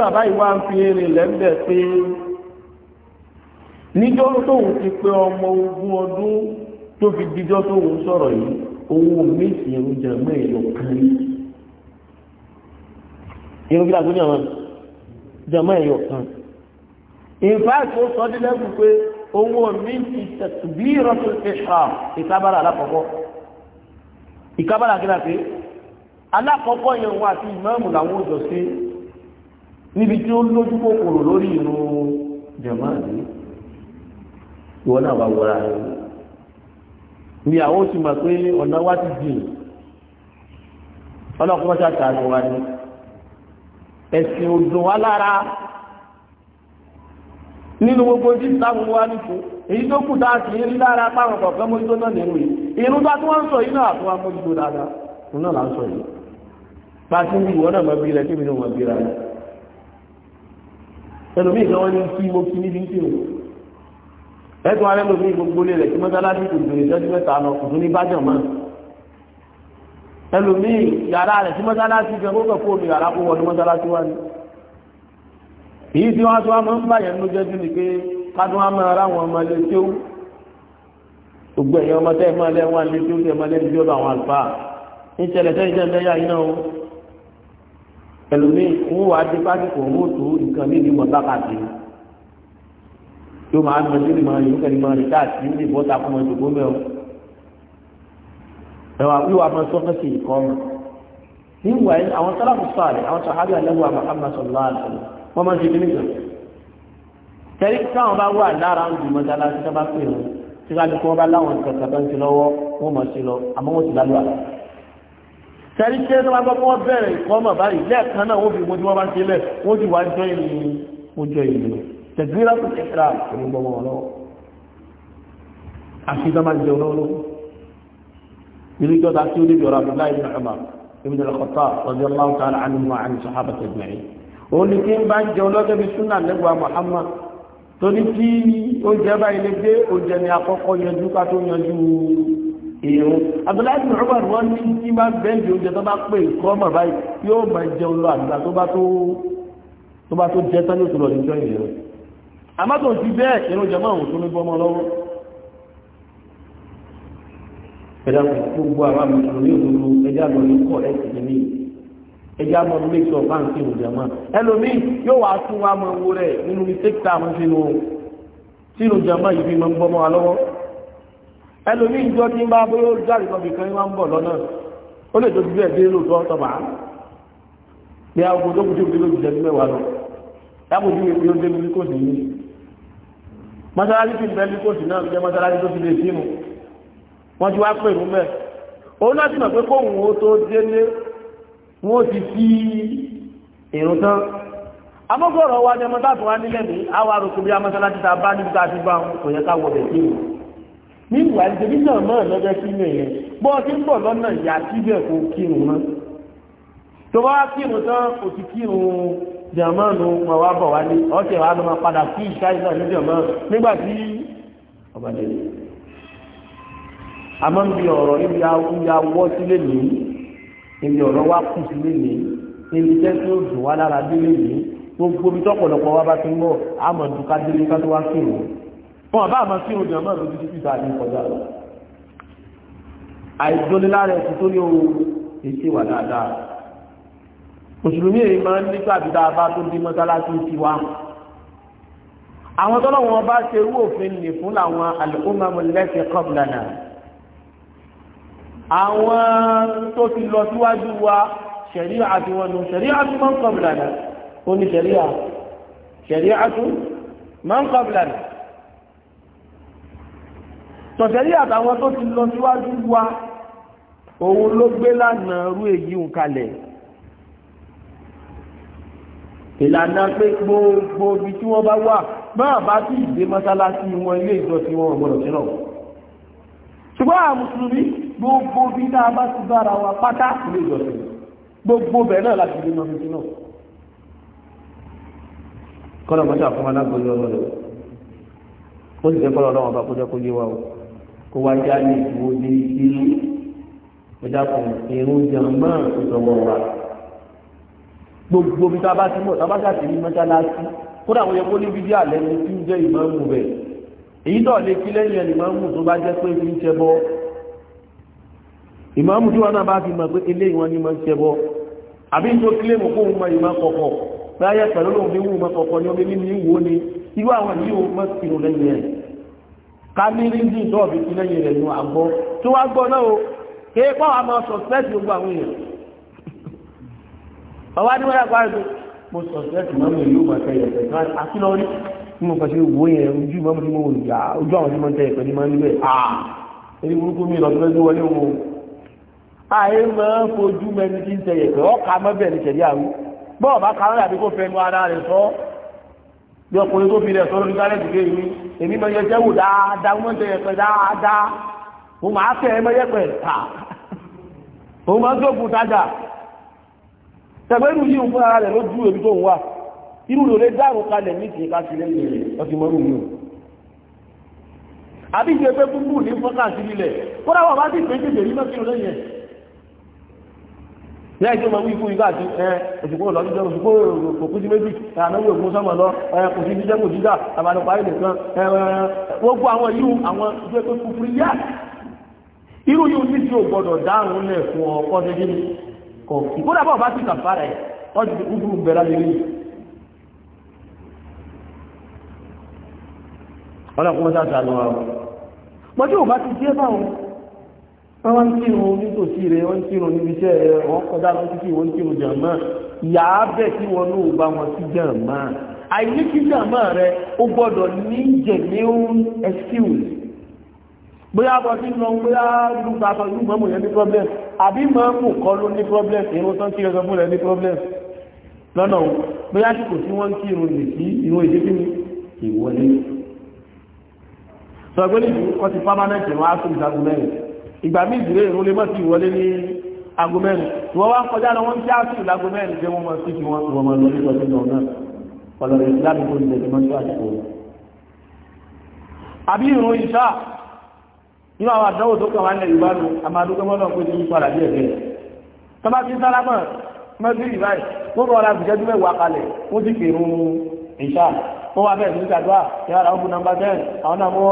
bàbá yìí wá ń fi èrè lẹ́ńdẹ̀ pé níjọ́ tóun ti pé ọmọ ogún ọdún tó fi díjọ́ tóun sọ̀rọ̀ yìí owó méjì oúnjẹ mẹ́ẹ̀lọ kan rí irun gíga tó ní àwọn jẹmọ́ ẹ̀yọ kan ìfáàkì ó sọ dílẹ́kù pé owó méjì tẹ̀tùbí rọ́tún ìṣà ìkábára alákọ̀ọ́kọ́ ìkábára kí láti alákọ̀ọ́kọ́ yẹn wọn àti ìmáàmù làwọn òjò sí níbi tí ó lójú kòkòrò lórí ìrun jẹmọ́ àdéhùn wọ́n náà wà wọ́ra rẹ̀ a àwọn ma mọ̀ pé ọ̀nà wá ti dì ọlọ́pọ̀ ṣàtàlù wa ni ẹ̀sìn òdùn wa lára nínú gbogbo tí ìsáàmù wa ní fún èyí tó kù dáa sí rí lára páwọn kọ̀ọ̀kan mójútó náà nínú yìí bá tí wọ́n ń sọ yìí náà tó wá dáadáa òun náà là ń sọ yìí a ìwọ náà mọ̀ bí kí mi náà bí rẹ̀ ẹlòmíì wọ́n ní kí ẹtù alẹ́ lómi gbogbo lé rẹ̀ kí mọ́sálásí kò gbèrè sẹ́jú mẹ́ta lọ kò tún ní bájọ̀ mọ́ ẹlòmíì yàrá rẹ̀ sí mọ́sálásí gan kó kọ̀kọ́ omi yàrá kó wọlé mọ́sálásí wá ní. èyí tí wọ́n sọ wọn ń bàyẹ̀ nínú jẹ́jú ni pé kádùn wọn máa ra wọn máa lé tí ó gbogbo ẹ̀yẹ ọmọ tẹ́ ẹ̀ máa lẹ́ wọn lé tí ó tẹ́ máa lẹ́nu jọba àwọn àlùfáà ń ṣẹlẹ̀ sẹ́yìn sẹ́yìn lẹ́yà iná o ẹlòmíì ń wà á dé pásítọ̀ òun ò tó nǹkan ní ìdí yóò máa nà sí ìmọ̀ yìí kẹ́ni máa rí káàkiri ní ìbọ́ta fún ọmọ ìdògbò mẹ́wọ́ ẹ̀wà wíwà máa sọ fẹ́ sí ìkọ́ ọmọ níwà yìí àwọn sálàfù sàárẹ̀ àwọn sàhábì àlẹ́wà Muhammad sallallahu alaihi wasallam wọ́n máa ń ṣe kí nìkan tẹ́lí táwọn bá wà lára ń dùn mọ́tálá tí wọ́n bá pè wọ́n tí wọ́n kọ́ bá láwọn kẹta bá ń ṣe lọ́wọ́ wọ́n máa ṣe lọ bẹ̀rẹ̀ ìkọ́ báyìí lẹ́ẹ̀kan náà wọ́n fi mojú wọn bá ń ṣe wọ́n ti wá jọ ìlú tẹ̀gbìrà tó ti ra òun gbọmọ lọ́wọ́ àṣìṣe máa jẹun lọ́wọ́ ilé ìjọba tí ó débi ọ̀rọ̀ abdullahi ibn umar ibn al-khattab radiyallahu ta'ala anhu wa an sahabati ajma'in òun ni kí n bá jẹun lọ́jọ́ bí súnà lẹ́gbàá muhammad torí tí oúnjẹ báyìí lè dé oúnjẹ ni akọ́kọ́ yanjú ká tó yanjú èrò abdullahi ibn umar wọn ní tí bá bẹ́ẹ̀dì oúnjẹ tó bá pè kọ́ báyìí yóò máa jẹun lọ tó bá tó jẹ tán yóò tó lọ àmọ́tò ti bẹ́ẹ̀ ìrún jẹmọ́ òun tó ní bọ́mọ́ lọ́wọ́ ẹ̀dá gbogbo àwọn mùsùlùmí òdodo ẹjá lọ ní kọ́ ẹ̀ sì ní ẹjá mọ́ ní méjì ọ̀pá ń kí ìrùjẹmọ́ ẹlòmíì yóò wá tún wá mọ owó rẹ̀ nínú mistake tá a mọ́ sínú tí ìrùjẹmọ́ yìí fi mọ́ ń bọ́mọ́ wa lọ́wọ́ ẹlòmíì jọ bá bóyá olùdarí kan wá ń bọ̀ lọ́nà ó lè tó ti dé lóòótọ́ tọ́ ní àwọn ogun tó kù tó ó dé mi mọ́sálásí ti bẹ́ẹ̀ líkòsì náà jẹ́ mọ́sálásí tó ti lè sínú wọ́n ti wá pè mú mẹ́ òun náà ti mọ̀ pé kóhùn ó tó délé wọ́n ti fi èrò tán amọ́gọ́rọ̀ wa ni ọmọ táàtù wa nílẹ̀ ní àwọn arúgbó bí amọ́sálásí ta bá níbi tá a ti bá wọn kò yẹ ká wọ bẹ̀ sínú nígbà ìdèmí náà mọ́ lọ́jọ́ sínú yẹn bọ́ ti ń bọ̀ lọ́nà ìyá síbẹ̀ kò kírun náà tó bá kírun tán kò ti kírun jàmánu ma wá bọ̀ wálé ọ̀tẹ̀ wàá lọ́mọ padà kí ìṣá ìlà ní jàmá nígbà tí ọba dẹ̀lẹ̀ àmọ́ níbi ọ̀rọ̀ níbi awọ́ sílé nìyí níbi ọ̀rọ̀ wá kù sílé nìyí níbi tẹ́ tó dùn wá lára délé nìyí gbogbo bí tọ́pọ̀lọpọ̀ wá bá ti ń bọ̀ àmọ́ dùkà délé ká tó wá sí òun wọn bá àmọ́ sí òun jàmá lójú títí ta ní kọjá lọ àìdónilára ẹ̀sìn tó ní o èsì wà dáadáa mùsùlùmí èyí máa ń ní pàdúdà bá tó bí mọ́sálásí ti wá àwọn tọ́lọ́wọ́n bá ṣe rú òfin nì fún làwọn alùpùpù lẹ́sẹ̀ kọ́bùlànà àwọn tó ti lọ síwájú wa ṣẹ̀rí àti wọn nù ṣẹ̀rí àti wọn kọ́bùlànà ó ní ṣẹ̀rí à ṣẹ̀rí àti wọn kọ́bùlànà tọ̀ṣẹ̀rí àtàwọn tó ti lọ síwájú wa òun ló gbé lánàá rú èyí ń kalẹ̀ ìlànà pé gbogbo ibi tí wọ́n bá wà máa bá tí ìdé mọ́sálásí wọn ilé ìjọsìn wọn ọ̀gbọ̀nà sílọ̀ ṣùgbọ́n àwọn mùsùlùmí gbogbo ibi tá a bá ti bára wa pátá ilé ìjọsìn gbogbo bẹ̀rẹ̀ náà láti ìdé mọ́sálásí náà kọ́lọ̀ mọ́tò àfọwọ́n alágbèjọ́ lọ́dọ̀ ó sì fẹ́ kọ́lọ̀ lọ́wọ́ bá kó jẹ́ kó yé wa o kó wá já ní ìwò ní ìlú ẹ̀dá kan èròjà máa ń sọ̀rọ̀ wa gbogbo bí tá a bá ti mọ̀ tá a bá ṣàtì ní mọ́ṣáláṣí kódà àwọn yẹn kó ní bíbí àlẹ́ ní tí ń jẹ́ ìmáàmù rẹ̀ èyí náà lè kí lẹ́yìn ẹni ìmáàmù tó bá jẹ́ pé fi ń ṣẹbọ ìmáàmù tí wọn náà bá fi mọ̀ pé eléyìí wọn ni mọ̀ ń ṣẹbọ àbí tó kílèmù kó ń mọ ìmọ̀ kọ̀kọ̀ báyẹ̀ pẹ̀lú lóun bí wù mọ̀ kọ̀kọ̀ ni omi ní ìwò ni irú àwọn yìí ò mọ̀ sí ọwá ní wọ́n àgbára tó mo sọ sẹ́ẹ̀tì mọ́mù ìlú mọ̀tẹ́ yẹ̀pẹ̀ tí wọ́n àti lọ́rí tí mo kàn sí yẹn ojú mọ́mù tí mo wò yá ojú àwọn tí mo ń tẹ yẹ̀pẹ̀ ní máa ń àà burúkú mi lọ́dún lọ́dún wọlé wo àyè máa ń fojú mẹ́ni tí ń ọkà tẹ̀lé àwọn bọ́ọ̀ bá ara rẹ̀ sọ tẹ̀gbẹ́rù yìí ń fún ara rẹ̀ ló ju èmi tó ń wà irú lòlẹ́ dáàrùn kalẹ̀ ní kìí káṣí lẹ́yìn rẹ̀ ọtí mọ́rù mi ò àbí ìjẹ́ pé púpù ní fọ́kàṣí nílẹ̀ kó dáwọ̀ bá sì pé tètè rí mọ́kìlú lẹ́yìn ẹ̀ lẹ́yìn tó máa wí fún igá àti ẹ òṣùpọ̀ lọ́dúnjẹ́ òṣùpọ̀ kò kú sí méjì ànáwó ògùn sọ́mọ̀ lọ ẹ kò sí jíjẹ́ kò jíjà àbálòpá ilẹ̀ kan ẹ gbogbo àwọn irú àwọn ìjẹ́ pé kúkúrú yá irú yóò ní tí ò gbọdọ̀ dáhùn lẹ̀ fún ọkọ̀ ṣe kò sí kó dàbọ̀ bá sí kàfàrà ẹ̀ wọ́n ti fi kúkúrú bẹ̀rẹ̀ lórí ọlọ́kùnrin sáà sàánú wa wọ́n tí ò bá ti jẹ́ báwọn wọ́n wá ń kírun nítòsí rẹ̀ wọ́n ń kírun níbi iṣẹ́ rẹ̀ wọ́n kọjá lọ títí wọ́n ń kírun jàmá ìyá bẹ̀ bóyá bọ́ sí lọ bóyá gbogbo àtọ̀ ìlú mọ́mù yẹn ní problem àbí mọ́mù kọ́ ló ní problem irun tán kí ẹgbẹ́ múlẹ̀ ní problem lọ́nà o bóyá tí kò sí wọ́n kí irun lè sí irun èdè kí ni ìwọlé sọ pé níbi wọ́n ti permanent ìrún á sóbi sago mẹ́rin ìgbà míì ìdílé irun lè mọ́ sí ìwọlé ní ago mẹ́rin ìwọ́n wá kọjá lọ wọ́n ti á sí ìlago mẹ́rin jẹ́ wọ́n mọ́ sí kí wọ́n wọ́n mọ́ lórí ìtọ́jú náà ọ̀lọ́rẹ̀ ìsìlámù tó ń tẹ̀lé mọ́ sí àdìpọ̀ àbí ìrún ìṣáà inú àwọn àdánwò tó kàn wá ní ìgbà nù àmàdúgbò mọ́nà pé ní padà bí ẹ̀fẹ́ tọ́ba ti sálámọ̀ mọ́sílì báyìí wọ́n bọ̀ ọ̀la bìjẹ́jú mẹ́wàá kalẹ̀ ó sì kèrò ìṣá wọ́n wá bẹ́ẹ̀ sí ìṣàdúrà yàrá ọkùn mọ́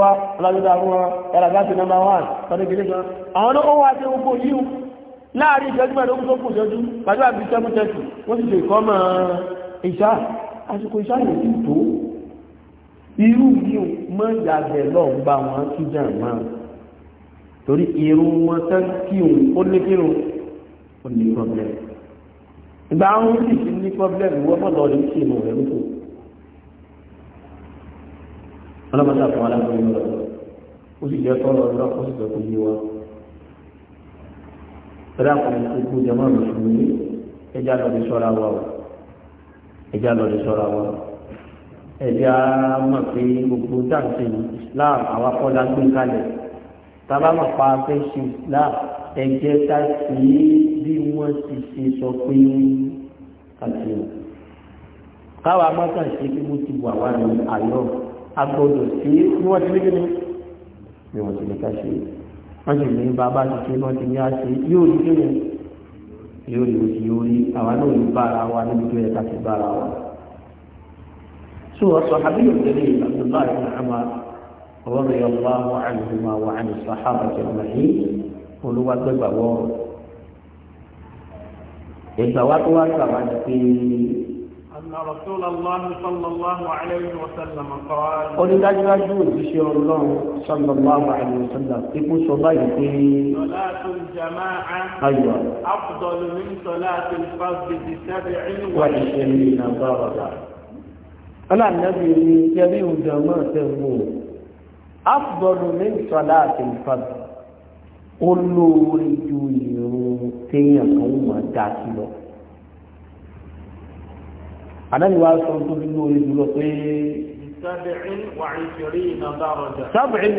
wá ọlọ́dúnrún one tọ́lé kìíní kan àwọn náà wọ́n wá sí gbogbo yìí láàrin ìjọjú mẹ́rin tó kù jọjú pàdúrà bíi seven thirty wọ́n sì lè kọ́ mọ́ ìṣá àsìkò ìṣá wọn kí jẹ́ àmọ́ torí irun wọn tán kí òun ó ní kí òun ó ní problem ìgbà àwọn sì ti ní problem wọ́n bọ̀ lọ́ọ́ ní kí ìmọ̀ rẹ̀ lóko ọlọ́mọdé àfọwọ́ alágbèrè lọ́wọ́ ó sì jẹ́ tọ́lọ̀ ọ̀dọ́ ó sì fẹ́ kó yé wa tẹ́lẹ̀ àkọ́kọ́ gbogbo jẹ́mọ́ mùsùlùmí ẹjá lọ́dẹ sọ́ra wa o ẹjá lọ́dẹ sọ́ra wa o ẹjá mọ̀ pé gbogbo dáǹtì Islam àwọn akọ́dá gbé kalẹ̀ tábà máa pa afẹ́ ṣe islam ẹ̀jẹ̀ ká sí bí wọ́n ti ṣe sọ pé kàṣí o. káwa mọ́tà ṣe kí wọ́n ti wà wá ní àlọ́ agbọ́dọ̀ sí bí wọ́n ti ní kíni bí wọ́n ti ní ká ṣe wọ́n sì ní bàbá ti ṣe wọ́n ti ní àṣe yóò ní kíni yóò ní oṣù yóò rí àwa náà ní bára wa níbi tó yẹ ká ti bára wa. sọ wọ́n sọ àbíyọ̀ tẹ́lẹ̀ Abdullahi Muhammad. رضي الله عنهما وعن الصحابة أجمعين قلوا تبوا إذا وقوا في أن رسول الله صلى الله عليه وسلم قال قل لا يجوز الله صلى الله عليه وسلم يكون في صلاة الجماعة أيوة أفضل من صلاة الفرد بسبع وعشرين درجة أنا النبي يبيه جماعة afdọ́lù ní ìsọ̀lá àti ìfọ̀dù olóore ju ìrún téèyàn kan wù wọ́n dá sí lọ. àdáni wa sọ tó fi lóore jùlọ pé sábẹ̀rin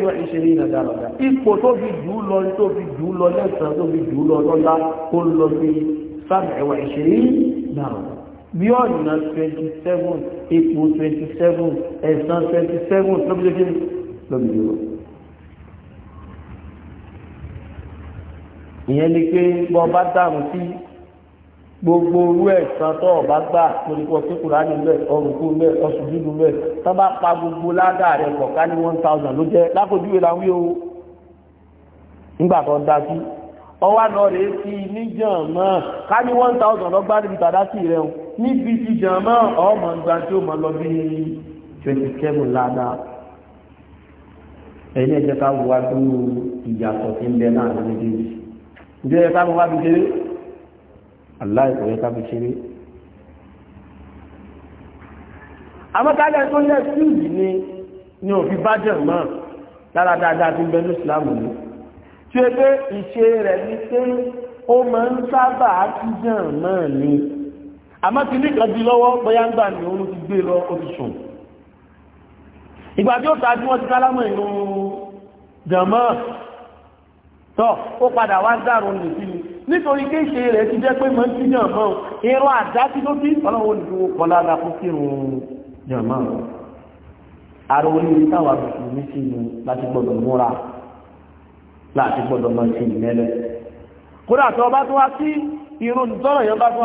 wà ìṣẹ̀rin nàdàrọ̀dà ipò tó fi jù lọ tó fi jù lọ lẹ́sàn tó fi jù lọ lọ́lá kó lọ sí sábẹ̀rin wà ìṣẹ̀rin nàdàrọ̀dà bí ọ̀nà 27 ipò 27 ẹ̀sán 27 tó fi lè fi lóbi dúró. ìyẹn ni pé bọ́ bá dànù sí gbogbo orú ẹ̀sán tó ọ̀bá gbà lórí pọ̀ sí kùránì bẹ́ẹ̀ ọ̀rùnkú bẹ́ẹ̀ ọ̀sùn dúdú bẹ́ẹ̀ tó bá pa gbogbo ládàá rẹ̀ kọ̀ọ̀ká ní one thousand ló jẹ́ lákòjúwe la wí o nígbà tó ń da sí ọwọ́ àná rèé sí níjàn mọ́ ká ní one thousand lọ́gbà níbi tàdá sí rẹ̀ o níbi ìjàn mọ́ ọmọ ìgbà tí ó mọ̀ lọ bí twenty seven ládàá ẹ̀yìn ẹ̀jẹ̀ ká wá tó ìyàtọ̀ tí ń bẹ náà ní méjèèjì ǹjẹ́ ẹ ká wá fi ṣeré aláìkò ẹ ká fi ṣeré àmọ́kálẹ̀ tó yẹ síìdì ni ni òfin bá jẹ̀ mọ́ lára dáadáa tí ń bẹ ní ìsìlámù ni tí ó pé ìṣe rẹ̀ ní pé ó máa ń sábà kí jẹ̀ mọ́ ni àmọ́ kí nìkan di lọ́wọ́ bóyá ń gbà ní oorun ti gbé lọ ó ti sùn ìgbà tí ó ta tí wọ́n ti sálámọ̀ inú jẹ̀mọ́ tọ́ ó padà wá dárùn lè sí ni nítorí kí ṣe rẹ̀ ti jẹ́ pé mọ́ sí jẹ̀mọ́ irun àdá tí ló bí ọlọ́wọ́ ní owó kọlá lápò kírun jẹ̀mọ́ ara onírin táwà mùsùlùmí sí ni láti gbọ́dọ̀ múra láti gbọ́dọ̀ mọ́ sí ìmẹ́lẹ̀ kódà tó bá tún wá sí irun tọ́rọ̀ yẹn bá tún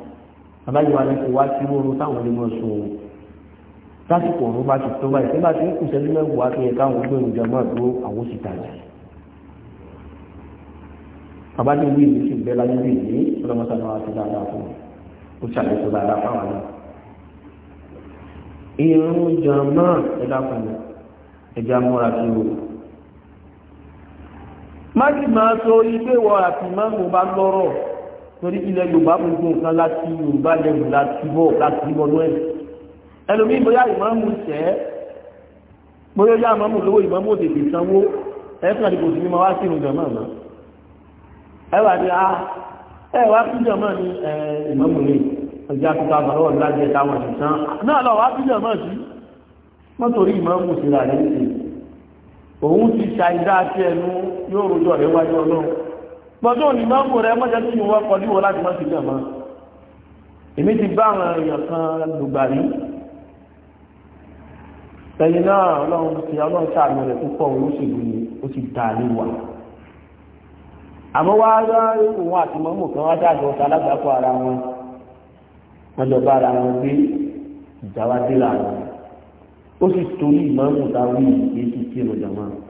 abájọ wa ní kò wá sí oorun táwọn onímọ̀ sọ ohun lásìkò ọ̀run bá ti tó báyìí nígbà tí kò sẹ́jú mẹ́wàá tó yẹ káwọn gbé ìjọ náà dúró àwọn sì tàjà bàbá ní ìlú ìlú sì bẹ́ láyé ní ìlú ọlọ́mọsánà wa ti dáadáa fún un ó ṣàlẹ́sọ dáadáa fáwọn náà irun ìjọ náà ẹ dákun ẹja múra sí o má sì máa sọ ilé wọ àtìmọ́mù bá lọ́rọ̀ torí ilẹ̀ yorùbá gbogbo nǹkan láti yorùbá lẹ́nu láti bọ̀ láti bọ̀ lọ́ẹ̀ ẹlòmíì bóyá ìmọ̀ọ́mù sẹ́ bóyá yá ìmọ̀ọ́mù lówó ìmọ̀ọ́mù òtètè sanwó ẹ̀ẹ́kan àti kòtù mímọ́ wá sí ìrùn jọ̀mọ́ àmọ́ ẹ wà ní a ah, ẹ wá sí jọ̀mọ́ ní ìmọ̀ọ́mù rẹ̀ ọjà kúta àbọ̀rọ̀ ọ̀dájẹ́ táwọn ìsàn náà lọ wá sí jọ̀mọ́ sí mọ́tòrí ìmọ̀ọ́mù sí rà lẹ́yìn òun ti ṣàìdá àti ẹnu yóò rojọ́ rẹ̀ wájú ọlọ́run pọ̀jọ́ òní máa ń mú rẹ mọ́jẹ́ tí wọ́n kọ́ níwọ̀ láti má sí ilé ọ̀mọ́ èmi ti bá àwọn èèyàn kan lùgbà rí lẹ́yìn náà ọlọ́run ti ọlọ́run sàánú rẹ̀ púpọ̀ olóṣèlú ni ó ti dà ní wà àmọ́ wá rá òun àti mọ́mù kan wá dájọ́ ọ̀tá alágbàpọ̀ ara wọn wọ́n jọ bá ara wọn gbé ìjà wá dé láàrin ó sì torí ìmọ̀ọ́mù táwọn ìgbésí kí èròjà máa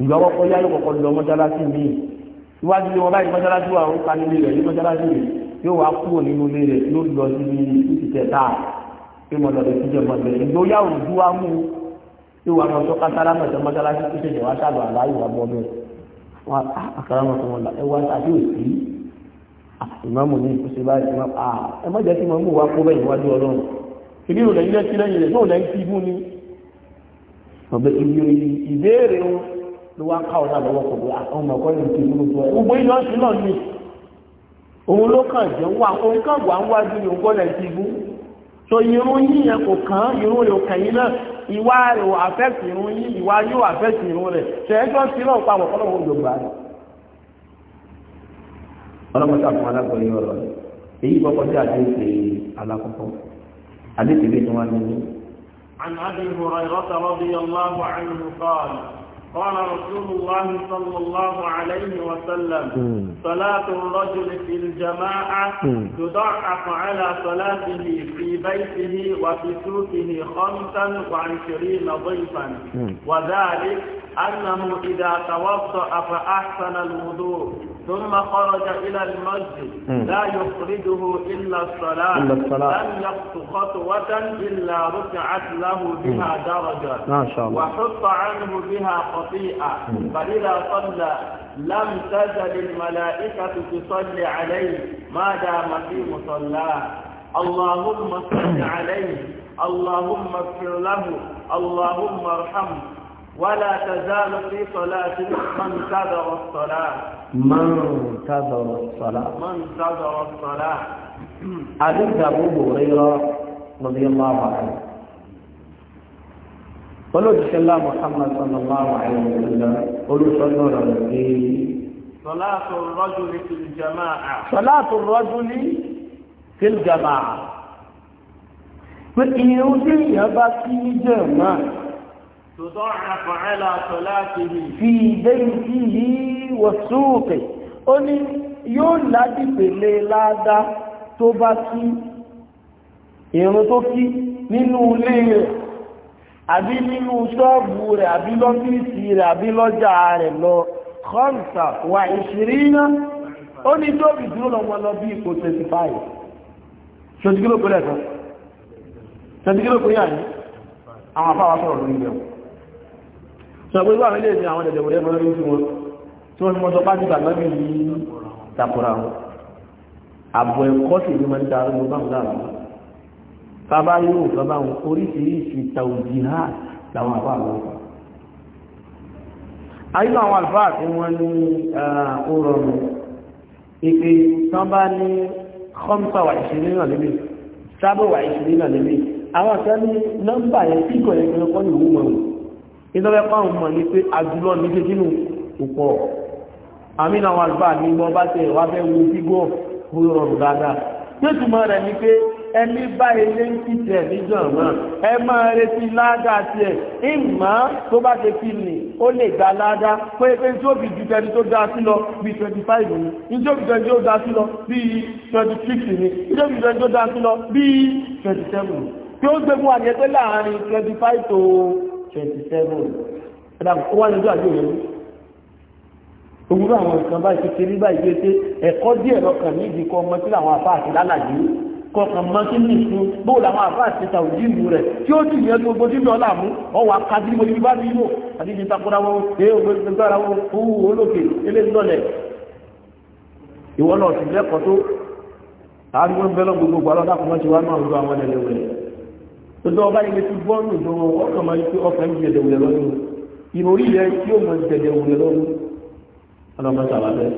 ìgbà wọn kọjá ló kọ́kọ́ lọ mọ́sálásí mi iwájú lé wọn báyìí mọ́sálásí wa ó ka nílé rẹ̀ ní mọ́sálásí rẹ̀ yóò wá kúrò nínú ilé rẹ̀ yóò lọ sí títí tẹ̀ta pé mo lọ sí jẹ́ mọ́tẹ́ ìgbóyà òdu wa mú yóò wá lọ sọ́ka sálámà tẹ mọ́sálásí tó ṣẹ̀ṣẹ̀ wá sálọ àláyé wa bọ́ bẹ́ẹ̀ wọn ah, àkàrà wọn fún wọn là ẹ wá sáfì òsì ah, ìmáàmù ah, ìbéèrè wọn ló wá ká ọ̀nà lọ́wọ́ kò bá ah, àwọn ọmọ ọ̀gọ́rin ti mú lójú ẹ̀ gbogbo ilé ọ̀sìn náà ni òun ló kàn jẹ́ wà òun kàn wà ń wájú ní ọgọ́lẹ̀ ti bú so irun yìí yẹn kò kàn án irun rẹ̀ kàn yín náà ìwà rẹ̀ àfẹ́sì irun yìí ìwà yóò àfẹ́sì irun rẹ̀ ṣẹ̀ẹ́jọ́ sí náà pa àwọn ọlọ́wọ́ gbogbo rẹ̀ ọlọ́mọta fún alágbọ̀nyẹ ọ̀rọ̀ èyí kọ́kọ́ عن ابي هريره رضي الله عنه قال قال رسول الله صلى الله عليه وسلم صلاة الرجل في الجماعة تضعف على صلاته في بيته وفي سوقه خمسا وعشرين ضيفا وذلك أنه إذا توضأ فأحسن الوضوء ثم خرج إلى المسجد لا يخرجه إلا الصلاة لم يخط خطوة إلا رفعت له بها درجة وحط عنه بها خطيئة فإذا صلى لم تزل الملائكة تصلي عليه ما دام في مصلاه اللهم صل عليه اللهم اغفر له اللهم ارحمه ولا تزال في صلاة من كبر الصلاة من انتظر الصلاة من انتظر الصلاة [clears throat] حديث أبو هريرة رضي الله عنه بسم الله محمد صلى الله عليه وسلم قلوا صلوا رمزي صلاة الرجل في الجماعة صلاة الرجل في الجماعة فإنه يبكي جماعة تضاعف على صلاته في بيته wọ̀súùkè ó ní yóò ládìpele láadá tó bá kí èrò tó kí nínú ilé rẹ̀ àbí nínú ṣọ́ọ̀bù rẹ̀ àbí lọ́fíìsì rẹ̀ àbí lọ́jà rẹ̀ lọ khamsa wà ìṣìrínà ó ní tó bì dúró lọ́wọ́ lọ bí ipò 25 ṣòtíkílò pẹ̀lú ẹ̀sán ṣòtíkílò pẹ̀lú yà ní àwọn afáwà sọ̀rọ̀ lórí ìgbẹ̀rún tí wọ́n ti mọ́tò bá ti gbà lọ́bì yìí takora wọn àbọ̀ ẹ̀kọ́ sì ni wọ́n ń darí ló bá wọn dára wọn bàbá yóò fẹ́ bá wọn oríṣiríṣi tàùjì ha làwọn àbá àwọn ọkọ̀ ayé àwọn àlùfáà tí wọ́n ní ó rọrùn ìpè tán bá ní khamsa wà ìṣẹ̀lẹ̀ náà lébè sábà wà ìṣẹ̀lẹ̀ náà lébè àwọn kan ní nọ́mbà yẹn kíkọ̀ yẹn kọ́ ní ìwúmọ̀ wọn nítorí pé àwọn ọmọ ní pé àjùlọ ní kékeré òpó àmì làwọn àlùfáà ní wọn bá tẹ wá fẹ́ wo fígò fún rọrùn dáadáa tẹ́tùmọ̀ rẹ̀ ni pé ẹni bá ilé ń fi tẹ̀ níjọ̀mọ́ ẹ máa retí ládá tiẹ̀ ìmọ̀ tó bá ṣe fi nì ó lè gba ládá pé pé tí ó fi ju tẹni tó dá sí lọ bíi twenty five ni tí ó fi tẹni tó dá sí lọ bíi twenty six ni tí ó fi tẹni tó dá sí lọ bíi twenty seven tí ó gbé fún àyẹ̀tẹ́ láàárín twenty five to twenty seven ẹ̀dá wọ́n á yanjú àjò yẹn òwúrọ̀ àwọn nǹkan báyìí kékeré báyìí pé pé ẹ̀kọ́ díẹ̀ lọ́kàn nídìí kọ́ ọmọ sí àwọn afá àti lálàyé kọkàn mọ́ sí ní ìfún bóòlù àwọn afá àti sàwùjí ìlú rẹ̀ tí ó dìyẹ tó gbójú lọ láàmú ọwọ́ akájú mo ti bá mi lò àti ti takura wọn ẹ òwe gbẹgbẹra wọn owó olókè eléńdọlẹ ìwọ náà ti lẹ́kọ̀ọ́ tó àdúgbò ń bẹ lọ gbogbo gbà lọ́dà kùmọ́ ti wá náà lọ àwọn ẹlẹ́wẹ̀ẹ́ ìròyìn yẹn tí ó mọ̀ ọlọ́mọ sàwà bẹ́ẹ̀.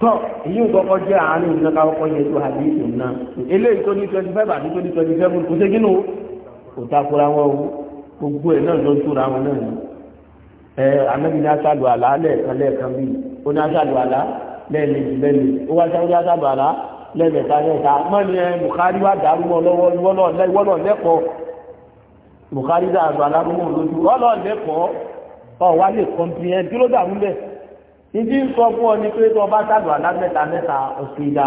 tọ́ èyí ń kọ́kọ́ jẹ́ àánú nǹkan ká kọ́kọ́ yẹ tó àbí ìtòun náà eléyìí tó ní twenty five àti tó ní twenty seven kò ségin o kò takora wọn o gbogbo ẹ̀ náà ló ń tóra wọn náà ni. ẹ anabi ní aṣáájú àlá lẹ́ẹ̀kan lẹ́ẹ̀kan bíi ó ní aṣáájú àlá lẹ́ẹ̀mejì lẹ́ẹ̀mejì ó wá sáwọ́dí aṣáájú àlá lẹ́ẹ̀mẹ́ta lẹ́ẹ̀ta mọ́ni ẹ Bukhari wá dàrú mọ́ lọ́wọ́ ìwọ́lọ́ lẹ́kọ̀ọ́ Bukhari dà àgbà alámúhùn lójú ọlọ́ọ̀lẹ́kọ̀ọ́ ọ̀wá lè kọ́mpìyẹn tí ló dà múlẹ̀ ìdí ń sọ fún ọ ní pé tó bá sàdù alámẹ́ta mẹ́ta ọ̀sẹ̀ ìdá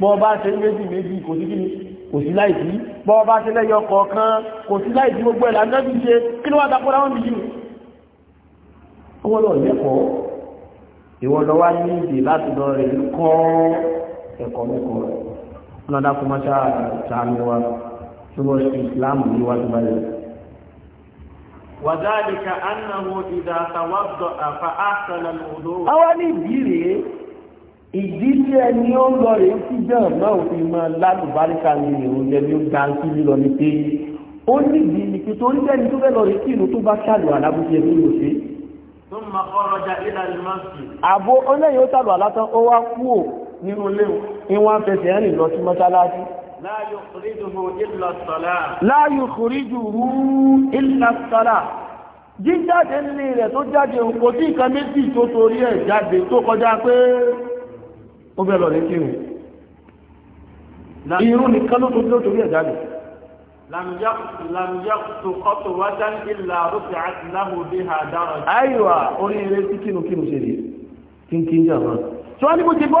bọ́ bá ṣe méjì méjì kò sí kíni kò sí láìsí bọ́ bá ṣe lẹ́yọ kọ̀ọ̀kan kò sí láìsí gbogbo ẹ̀là náà fi ṣe kí ló wá dápọ́ láwọn bìí jù wọ́n lọ lẹ́kọ̀ọ́ ìwọ́n lọ wá ní ìdè láti lọ rẹ̀ kọ́ ẹ̀kọ́ mẹ́kọ́ rẹ̀ wọn dákú mọ́ṣáà ṣàmì وذلك أنه إذا توضأ فأحسن الوضوء àwọn ìdí rèé ìdí tí ẹni ó ń lọ rèé sí jẹ́ náà fi máa lálùbáríkà ní ìròyìn ẹni ó gba sí lílọ ní pé ó nídìí ní pé torí ẹni tó fẹ́ lọ rèé sí ìlú tó bá ṣàlù àlábùjẹ ní òṣè. tó máa kọ́rọ̀ ja ilà ní mọ́sì. àbò ọlẹ́yìn ó ṣàlù àlátán ó wá kú ò nínú ilé ìwọ̀n afẹsẹ̀ ẹ̀rìn lọ sí mọ́ṣáláṣí láàyò kòríjùhù ìlà sọ́lá jíjáde nílé rẹ̀ tó jáde kò sí nǹkan méjì tó torí ẹ̀ jáde tó kọjá pé ó bẹ̀rọ̀ lè kí irun nìkan ló tó torí ẹ̀ jáde làmìyàkùtù kọ́tù wájá ìlà rúfẹ́ àti láhùdí àdára àìwà oníire tí kínú kínú ṣe rí kínkín jàmá ní bó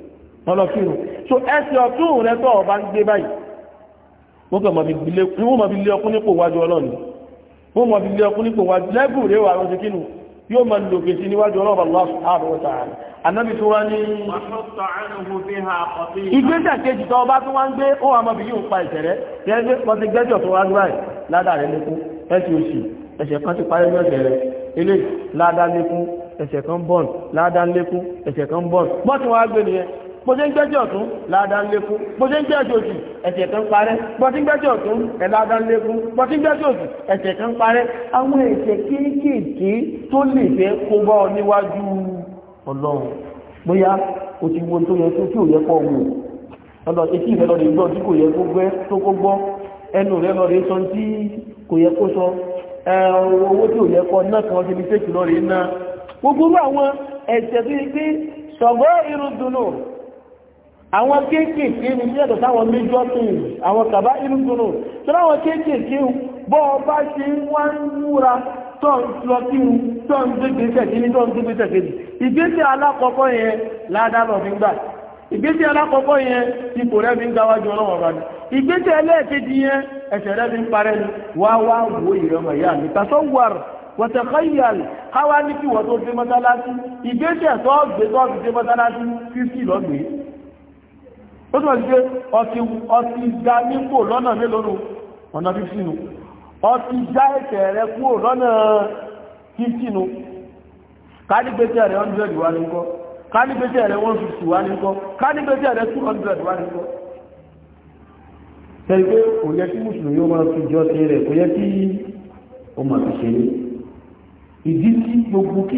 ọlọ́kírun so ẹsẹ̀ ọ̀tún rẹ tó ọba ń gbé báyìí wọ́n kàn mọ̀ bí lé ọkún nípò wájú ọlọ́ni wọ́n mọ̀ bí lé ọkún nípò wájú lẹ́gùn rẹ̀ wà rọ́sí kínú yóò mọ̀ lòkè sí níwájú ọlọ́ọ̀bà subhanahu wa ta'ala anábì tó wá ní ìgbésẹ̀ kejì tó ọba tó wá ń gbé ó wà mọ̀ bí yóò pa ẹ̀sẹ̀ rẹ̀ gẹ́gẹ́ wọ́n ti gbẹ́jọ̀ tó wá gbáyìí ládà rẹ̀ lékún ẹ̀sẹ̀ òsì ẹ̀sẹ̀ kan ti parí lọ́sẹ̀ rẹ̀ eléyìí ládà lékún ẹ̀sẹ̀ kan bọ́ọ̀n ládà lékún ẹ̀sẹ̀ kan bọ́ọ̀n bọ́ọ̀tún wá gbé nìyẹn bóṣe ń gbẹ́jọ́ ọ̀tún ládàá ń lékún bóṣe ń gbẹ́jọ́ òsì ẹ̀ṣẹ̀ kan parẹ́ bọ́tí ń gbẹ́jọ́ ọ̀tún ẹ̀ ládàá ń lékún bọ́tí ń gbẹ́jọ́ òsì ẹ̀ṣẹ̀ kan parẹ́ àwọn ẹ̀ṣẹ̀ kéékèèké tó lè fẹ́ kó bá ọ níwájú ọlọ́run bóyá o ti wo tó yẹ tó tí ò yẹ kọ́ wò ọlọ́ etí rẹ lọ́dẹ gbọ́ tí kò yẹ kó gbẹ́ tó kó gbọ́ ẹnu rẹ lọ́dẹ sọ tí kò yẹ kó sọ owó tí ò yẹ kọ́ náà kan ṣe ní fèkì lọ́dẹ náà gbogbo àwọn ẹ̀ṣẹ̀ tó yẹ pé sọ̀gbọ́ irun dùnú àwọn kéékèèké ní yẹ́dọ̀ táwọn méjọ́ tó àwọn kàbá irúgbónú tó láwọn kéékèèké bọ́ ọba ṣe wá ń múra kí ní tọ́n gbégbésẹ̀ kejì ìgbésẹ̀ alákọ̀ọ́kọ́ yẹn fi ń gbà ìgbésẹ̀ alákọ̀ọ́kọ́ yẹn fi ń ga wájú ọlọ́wọ́ ọba ni ìgbésẹ̀ ẹlẹ́ẹ̀kejì yẹn ẹsẹ̀ rẹ̀ fi ń parẹ́ ni wá wá wo káwá ní kí wọ́n tó mọ́sálásí ìgbésẹ̀ tó tó ó túnmọ̀ sí pé ọtí ga nípò lọ́nà mélòó ọ̀nà 15 nù ọtí já ẹ̀kẹ̀ rẹ kúrò lọ́nà 15 nù kánígbésẹ̀ rẹ 100 wá ní ńkọ́ kánígbésẹ̀ rẹ 150 wá ní ńkọ́ kánígbésẹ̀ rẹ 200 wá ní ńkọ́ tẹ́lẹ̀ pé kò yẹ kí mùsùlùmí ó máa fi jọ sí rẹ̀ kò yẹ kí ó máa fi ṣe ní ìdí tí gbogbo kí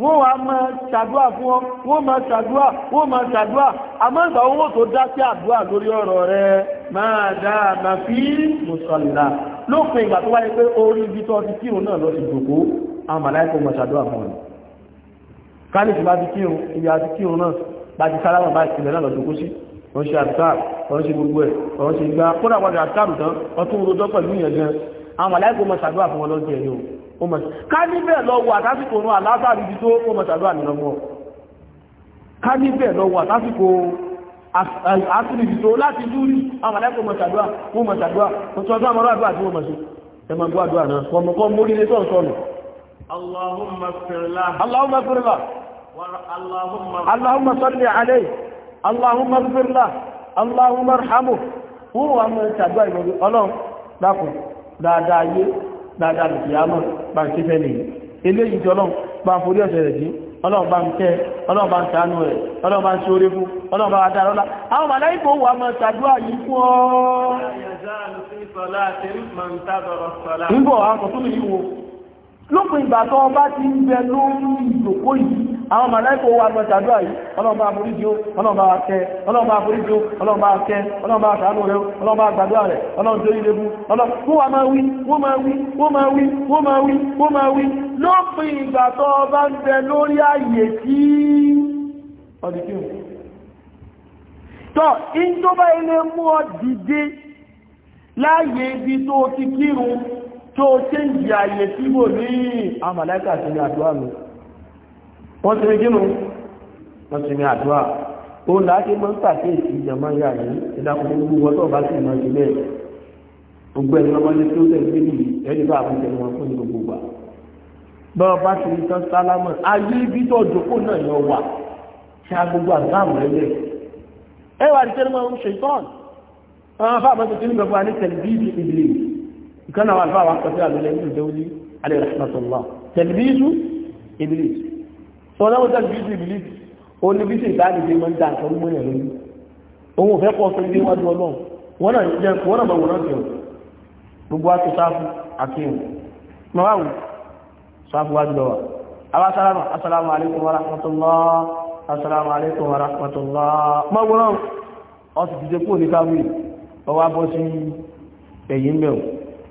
wọ́n wá máa ṣàdúà fún ọ wọ́n máa ṣàdúà wọ́n máa ṣàdúà àmọ́ ìgbà owó tó dá sí àdúà lórí ọ̀rọ̀ rẹ máa dáa máa fi mùsọ̀lá lópin ìgbà tó wáyé pé orí ibi tó ti kírun náà lọ sí jòkó àwọn màláìkò máa ṣàdúà fún ọ kálífì bá ti kírun ibi àti kírun náà bá ti sálámà bá ìpìlẹ̀ náà lọ jòkó sí wọ́n ṣe àtàr wọ́n ṣe gbogbo ó mọ̀ ká níbẹ̀ lọ wà tásìkò orun àlásàrí bí tó ó mọ̀ ṣàdúrà nínú wọn ká níbẹ̀ lọ wà tásìkò àṣírí bí tó láti lúrí àwọn alẹ́kọ̀ọ́ mọ̀ ṣàdúrà wọ́n mọ̀ ṣàdúrà wọ́n tọ́jú àmọ́ àdúrà tí wọ́n mọ̀ sí ẹmọ gbọ́ náà wọ́n mọ̀ kọ́ dáadáa lè fi àmọ́ bá ń ké fẹ́ nìyí eléyìí tí ọlọ́run bá ń forí ọ̀sẹ̀ rẹ̀ jí ọlọ́run bá ń kẹ́ ọlọ́run bá ń ṣàánú rẹ̀ ọlọ́run bá ń ṣoore fún ọlọ́run bá wá dára ọlá àwọn màláìkò wà mọ́ ṣàdúrà yìí fún ọ́ ń bọ̀ àwọn yìí wo lópin ìgbà tó ọba ti ń bẹ lórí ìjòkó yìí àwọn màláìkò wà lọ ṣàdúrà yìí ọlọ́ọ̀bá àforíjì ó ọlọ́ọ̀bá akẹ́ ọlọ́ọ̀bá àforíjì ó ọlọ́ọ̀bá akẹ́ ọlọ́ọ̀bá àṣàánú rẹ̀ ọlọ́ọ̀bá àgbàdúrà rẹ̀ ọlọ́ọ̀dé orílẹ̀-èdè wọ́n wà máa wí wọ́n máa tó ṣe ń jì àyè tí bò ní àmàlẹ́kà sí ní àdúrà mi wọ́n ti rí gínú wọ́n ti ní àdúrà ó láti mọ́ pàtẹ́ ìsì ìjọmọ́ yà ní ìdákùnrin gbogbo wọ́n tó bá sì mọ́ sílẹ̀ gbogbo ẹni ọmọ ní tó tẹ̀lé ní ẹni bá àbújẹ wọn fún ní gbogbo gbà bọ́ọ̀ bá ti rí tán sálámọ̀ ayé ibi tó dòkó náà yọ wà ṣá gbogbo àgbàmù ẹlẹ́ ẹ wà ní tẹ́lẹ̀ mọ́ ṣe tán àwọn afáàmọ́ tuntun ní gbogbo àní tẹ̀lé bíi ìdílé ìkan náà alfa wa kọfí àlúlẹ̀ ìlú ìjọwí alẹ́ rahmatullah tẹlifíṣù iblis sọ náà tẹlifíṣù iblis ó ní bí sèta ní ṣe máa ń da àkọ́ mú yẹn lórí òun ò fẹ́ kọ́ sórí déwájú ọlọ́run wọ́n náà jẹ́ wọ́n náà bá wọ́n náà jẹ́ gbogbo wa tó sáfù àti ìwọ̀n máa wà wù sáfù wájú lọ wa àwọn asálámà asálámà alaikum wa rahmatullah asálámà alaikum wa rahmatullah máa wọ́n náà ọ sì ti dé kúrò ní káwé ọwọ́ abọ́ sí ẹ̀yìn mẹ́wọ̀n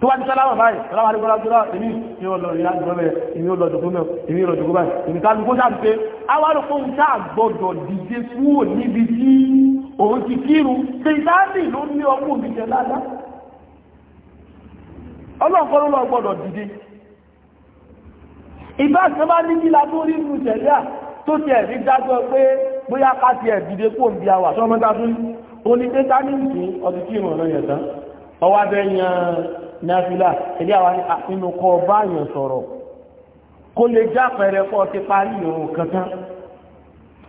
tó wá ti sálámà báyìí sálámà alẹ́gbọ́lá tó rá èmi yóò lọ ìrìn àjò mẹ́rin èmi yóò lọ jòkó mẹ́rin èmi yóò lọ jòkó báyìí èmi ká lùkó sáà pé awárò fún un sáà gbọdọ̀ dìde kúrò níbi tí òun ti kírun ṣe ìsáàlì ló ní ọkùn mi jẹ ládàá ọlọ́nkọ́ ló lọ gbọdọ̀ dìde náfílà ilé àwọn nínú kọ báyàn sọ̀rọ̀ kó lè jápẹrẹ pọ̀ ti parí ìrùn kankan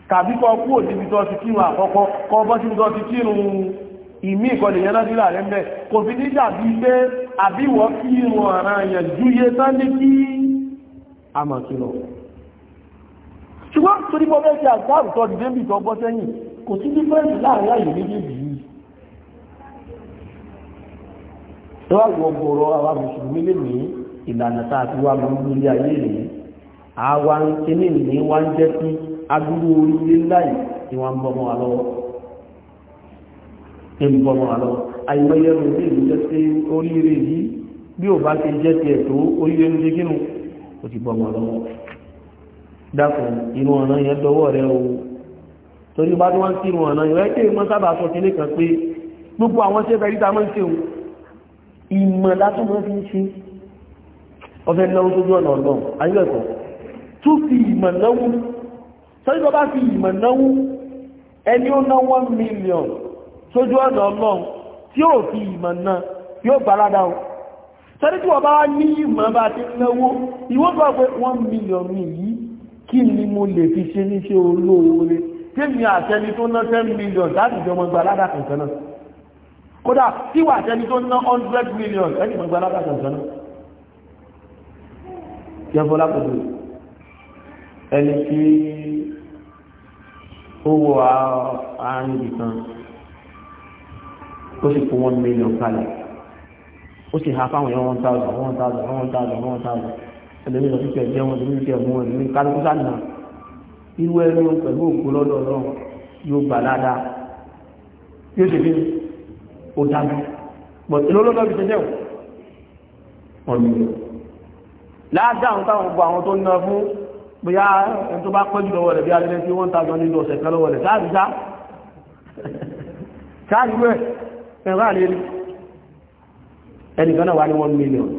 tàbí kọ kú òdíbi tó ti kírun àkọ́kọ́ kọ bọ́ sí tó ti kírun ìmí ìkọlẹ̀ yẹn náfílà rẹ̀ mẹ́ kò fi ní dàbí pé àbíwọ̀ kírun ara yẹn júye tán ní kí a mọ̀ sí lọ ṣùgbọ́n torí bọ́ bẹ́ẹ̀ ṣe àgbáàrùtọ́ dìdébì tó gbọ́ sẹ́yìn kò sí dífẹ́ǹsì láàrin àyè méjèèjì yìí tó wà gbogbooro àwa mùsùlùmí lè ní ìlànà tá a ti wá lórí lórí ayé rèé àwa kíní ní wá ń jẹ́ kí agbúrú orílẹ̀ láì ni wọ́n ń bọ́mọ́ wa lọ́wọ́ ń bọ́mọ́ wa lọ́wọ́ àìmọye ẹrù ní ìlú jẹ́ pé oríire yìí bí ò bá ti jẹ́ tiẹ̀ tó oríire ń dégínú ó ti bọ́mọ́ lọ́wọ́ dákun inú ọ̀nà yẹn dọwọ́ rẹ o torí bá tí wọ́n ń kírun ọ̀nà yẹn wẹ́ẹ́ kéèmọ́ sábà sọ ìmọ̀ látún mọ́ fi ń ṣe ọfẹ́ náwó sójú ọ̀nà ọ̀nà ayẹ́kọ̀ tún fi ìmọ̀ náwó sọ́jọ́ bá fi ìmọ̀ náwó ẹni ó ná one million sójú ọ̀nà ọ̀nà tí ó fi ìmọ̀ náà yóò gbalada o sọ́rí tí wọ́n bá wá ní ìmọ̀ bá ti náwó ìwó bá pé one million mi yìí kí ni mo lè fi ṣe níṣẹ́ olóore tí mi àtẹni tó ná ten million láti jọmọ gbalada kankan náà kódà tí wà tẹni tó ná 100 million ẹni mọ̀ gbára bàtà sọ́nà yẹfọ́lá kòtò ẹni tí ó wọ àárín ìkan ó sì kó 1 million kalẹ̀ ó sì ha fáwọn èèyàn 1000 1000 1000 1000 ẹlẹ́mí lọ sí pẹ̀ jẹ́ wọn lórí ìjẹ́ mú ẹ̀mí kálukú sáà irú ẹni pẹ̀lú òkú lọ́dọ̀ náà yóò gbà ládàá yóò ṣe bí ó dáná but ìlólọ́lọ́ fi ṣẹṣẹ́ ọ̀nà láàdá àwọn táwọn gbogbo àwọn tó ń ná fún bóyá ẹni tó bá pẹ́ jù lọ́wọ́ rẹ̀ bí adé tí wọ́n ta gan nínú ọ̀sẹ̀ kan lọ́wọ́ rẹ̀ sáàrì sá sáàrì wẹ̀ ẹ̀rọ àlè ẹnìkan náà wà ní one million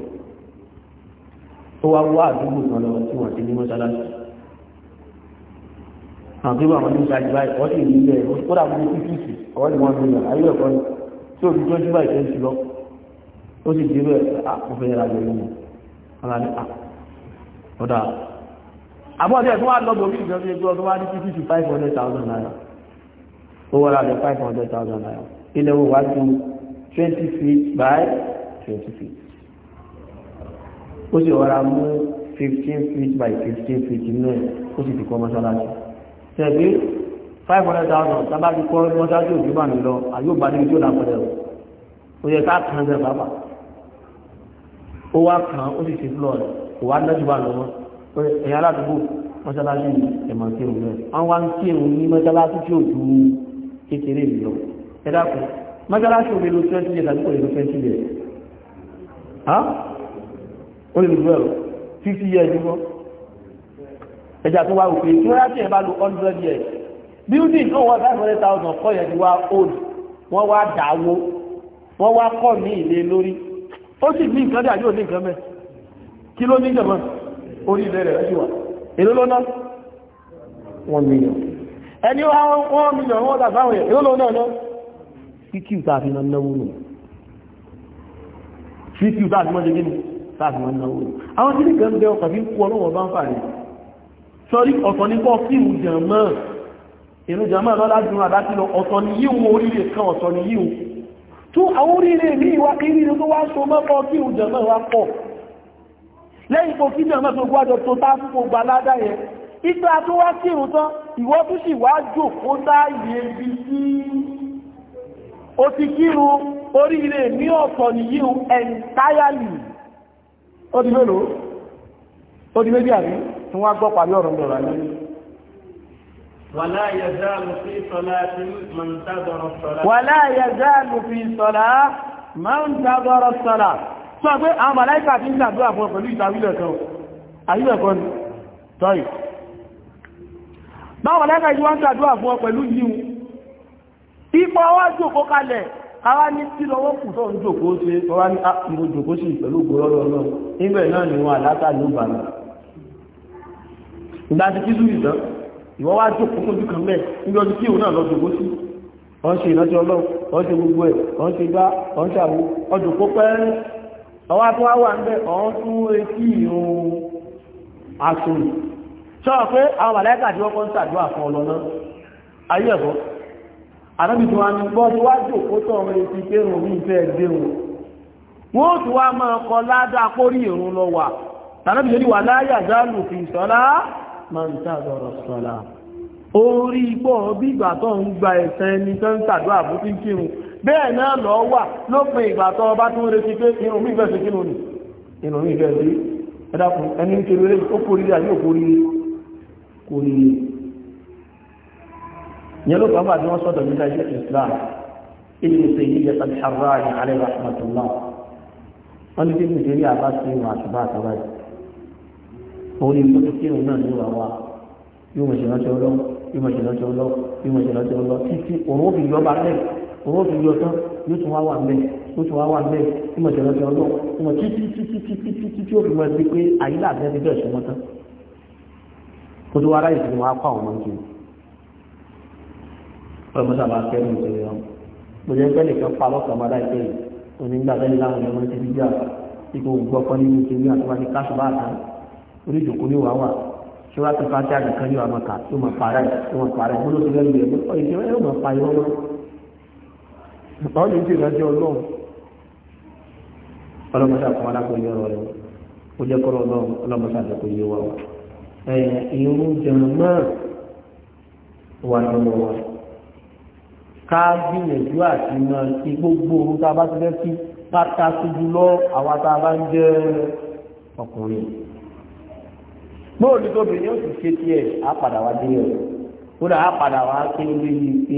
ó wá wá àdúgbò kan lọ tí wọ́n ti ní mọ́ṣáláṣí àbúrò àwọn oníṣàjì báyìí wọ́n sì ní ilẹ̀ ó dàbí ní fífíìsì ọ̀wọ́ ni wọ́n mílíọ̀n ayé ẹ̀kọ́ ni tí o ti tọ́jú bá ìṣẹ́ ti lọ ó sì dé bẹ́ẹ̀ àkọfẹ́ ah, yẹra lè mú ní à ọ̀dà ẹ̀ tó wà lọ́dọ̀ orí ìjọba ẹgbẹ́ ọdún wá ní títí sí five hundred thousand naira ó wọ́n ra lẹ̀ five hundred thousand naira ilẹ̀ wo wá ju twenty feet by twenty feet ó sì wọ́n ra mú fifteen feet by fifteen feet náà ó sì fi kọ́ mọ́ṣáláṣí tẹ̀gbé five hundred thousand tábà ti kọ́ mọ́ṣáájú òjúbà mi lọ àyò bá níbi tí ó dà pẹ̀lẹ́ o ó yẹ ká kàn án bàbà ó wá kàn án ó sì ṣe fúlọ̀ rẹ̀ kò wá dájú bá lọ́wọ́ ẹ̀yà aládùúgbò mọ́ṣáláṣí ẹ̀mọ̀ kírun rẹ̀ wọ́n wá ń kírun ní mọ́ṣáláṣí tí ò ju kékeré mi lọ ẹ dákun mọ́ṣáláṣí òbí lo twenty years àti kò lè lo twenty fifty years ní wọ́n ẹ̀jà tó wá òfin tí wọ́n yá sí ẹ̀ building náà wọ́n five hundred thousand kọ́ yẹn ti wá old wọ́n wá dàwó wọ́n wá kọ́ ní ilé lórí ó sì ní nǹkan dàbí òní nǹkan mẹ́ kí ló ní jọ̀mọ́ orí ilé rẹ̀ ṣì wà èló ló ná one million ẹni one million wọ́n dà fáwọn yẹn èló ló náà ná fíkì tààfi máa náwó nù fíkì tààfi máa jẹ́ gíní tààfi máa náwó nù àwọn tí nìkan bẹ ọkọ̀ fi ń kú ọlọ́wọ́ bá ń fà ní sọrí ọ̀tọ̀ nípa fíìmù jẹ̀ ìlú jama lọ́lá jùlọ àbájú lọ ọ̀tọ̀ ni yíò oríire kan ọ̀tọ̀ ni yíò tún àwọn oríire ní ìwà ìrìnrìn tó wá so mọ́kọ́ kí ìlú jama wá pọ̀ lẹ́yìn tó kí jama tó gbájọ tó tá fún gbogbo aládá yẹn ìgbà tó wá sí ìrùn tán ìwọ tó sì wá jò kó sáàyè ibi sí o ti kírun oríire entirely ó di mélòó ó di méjì àbí tí wọ́n á gbọ́ pàdé ولا يزال في صلاة من تدر الصلاة ولا يزال في صلاة من تدر الصلاة sọ pé àwọn màláìkà tí ń ṣàdúrà fún pẹ̀lú ìtàwílẹ̀ kan àyíwẹ̀ kan ní tọ́yì báwọn màláìkà yíwá ń ṣàdúrà fún pẹ̀lú yíun ipò ọwọ́ jòkó kalẹ̀ ara ní tí lọ́wọ́ kù tó ń jòkó ṣe ọwá ní ah, ìwọ wá jókòó tójú kan mẹ́ níbi ọdún tí òun náà lọ jòkó sí wọ́n ṣe ìrántí ọlọ́run wọ́n ṣe gbogbo ẹ̀ wọ́n ṣe gbá wọ́n ṣàwó ọdún kó pẹ́ ọwọ́ tó wá wà ń bẹ́ ọ̀hún tún etí ìrún asòrò sọ́ọ̀ pé àwọn màláìkà tí wọ́n kọ́ ń ṣàdúrà fún ọlọ́nà ayé ẹ̀kọ́ àdábì tí wọ́n ní gbọ́ tí wá jòkó tọ̀ ọmọ etí kéròó mi fẹ́ dé wọn wọ́n tún wá máa kọ ládàá pórí ìrún lọ wà tàbí máa ń tàbọ̀rọ̀ sọ́lá orí ipò bí ìgbà tó ń gba ẹ̀sẹ̀ ẹni tó ń tàdúrà bó ti kírun bẹ́ẹ̀ náà lọ wà lópin ìgbà tó ọba tó ń retí pé irun mi ìfẹ́ sí kírun ni irun mi ìfẹ́ sí ẹ̀dàkùn ẹni ń kiri ó kórí àbí ò kórí kórí yẹn ló pàápàá tí wọ́n sọ̀tọ̀ nígbà iṣẹ́ Islam ilé ìṣe yìí yẹ tàbí ṣàrọ̀ alẹ́ rahmatullah wọ́n ní kí ní ìṣe sí ìwọ̀n àṣùbá àtàwáyé òun ni tó kírun náà ní wàá wa yóò mọ̀ ìṣẹ̀lẹ̀ títí òun ó fi yọ ọba lẹ̀ òun ó fi yọ tán yóò tún wá wà ń bẹ̀ yóò tún wá wà ń bẹ̀ yóò mọ̀ ìṣẹ̀lẹ̀ ọjọ́ ọlọ́ yóò mọ̀ títí títí títí títí tí ó fi mọ̀ sí pé àyílà àti ẹni bẹ́ẹ̀ sọmọ tán kó tó wá ráyè sí wọn á kó àwọn ọmọ nìkan ọmọ sábà kẹ́rù ìṣẹ̀lẹ̀ wọn mo jẹ́ pẹ́ nìkan pa lọ́kàn máa láìpẹ́ yìí onígbàgbẹ́ni láwọn ọmọ ti fi jà ipò gbọ́kọ́ nínú ìṣẹ̀lẹ̀ àti wájú káṣù bá àtàrà oníjòkó ní wàá wà ṣọlá tó fà sí àgbẹ̀kan ní wàá kà tó máa parẹ́ tó máa parẹ́ bó ló ti lẹ́nu yẹn ó yẹ kí wọ́n máa pa irọ́ mọ́ ìpàwọ́ lè ti ìrìnàjò ọlọ́run ọlọ́mọṣà kan alákòóyè ọ̀rọ̀ rẹ̀ ó jẹ́ kọ́rọ̀ ọlọ́run ọlọ́mọṣà àdókòóyè wa ìrún jẹun náà wà lọ́wọ́ wa ká gbìyànjú àti mọ gbogbo orun tá a bá ti fẹ́ sí pátá síjú lọ àwa tá a bá ń jẹ́ ọkùnrin bóòlù tóbi yóò sì ṣe tiẹ̀ á padà wá dé ẹ̀ kódà á padà wá kí ló yí pé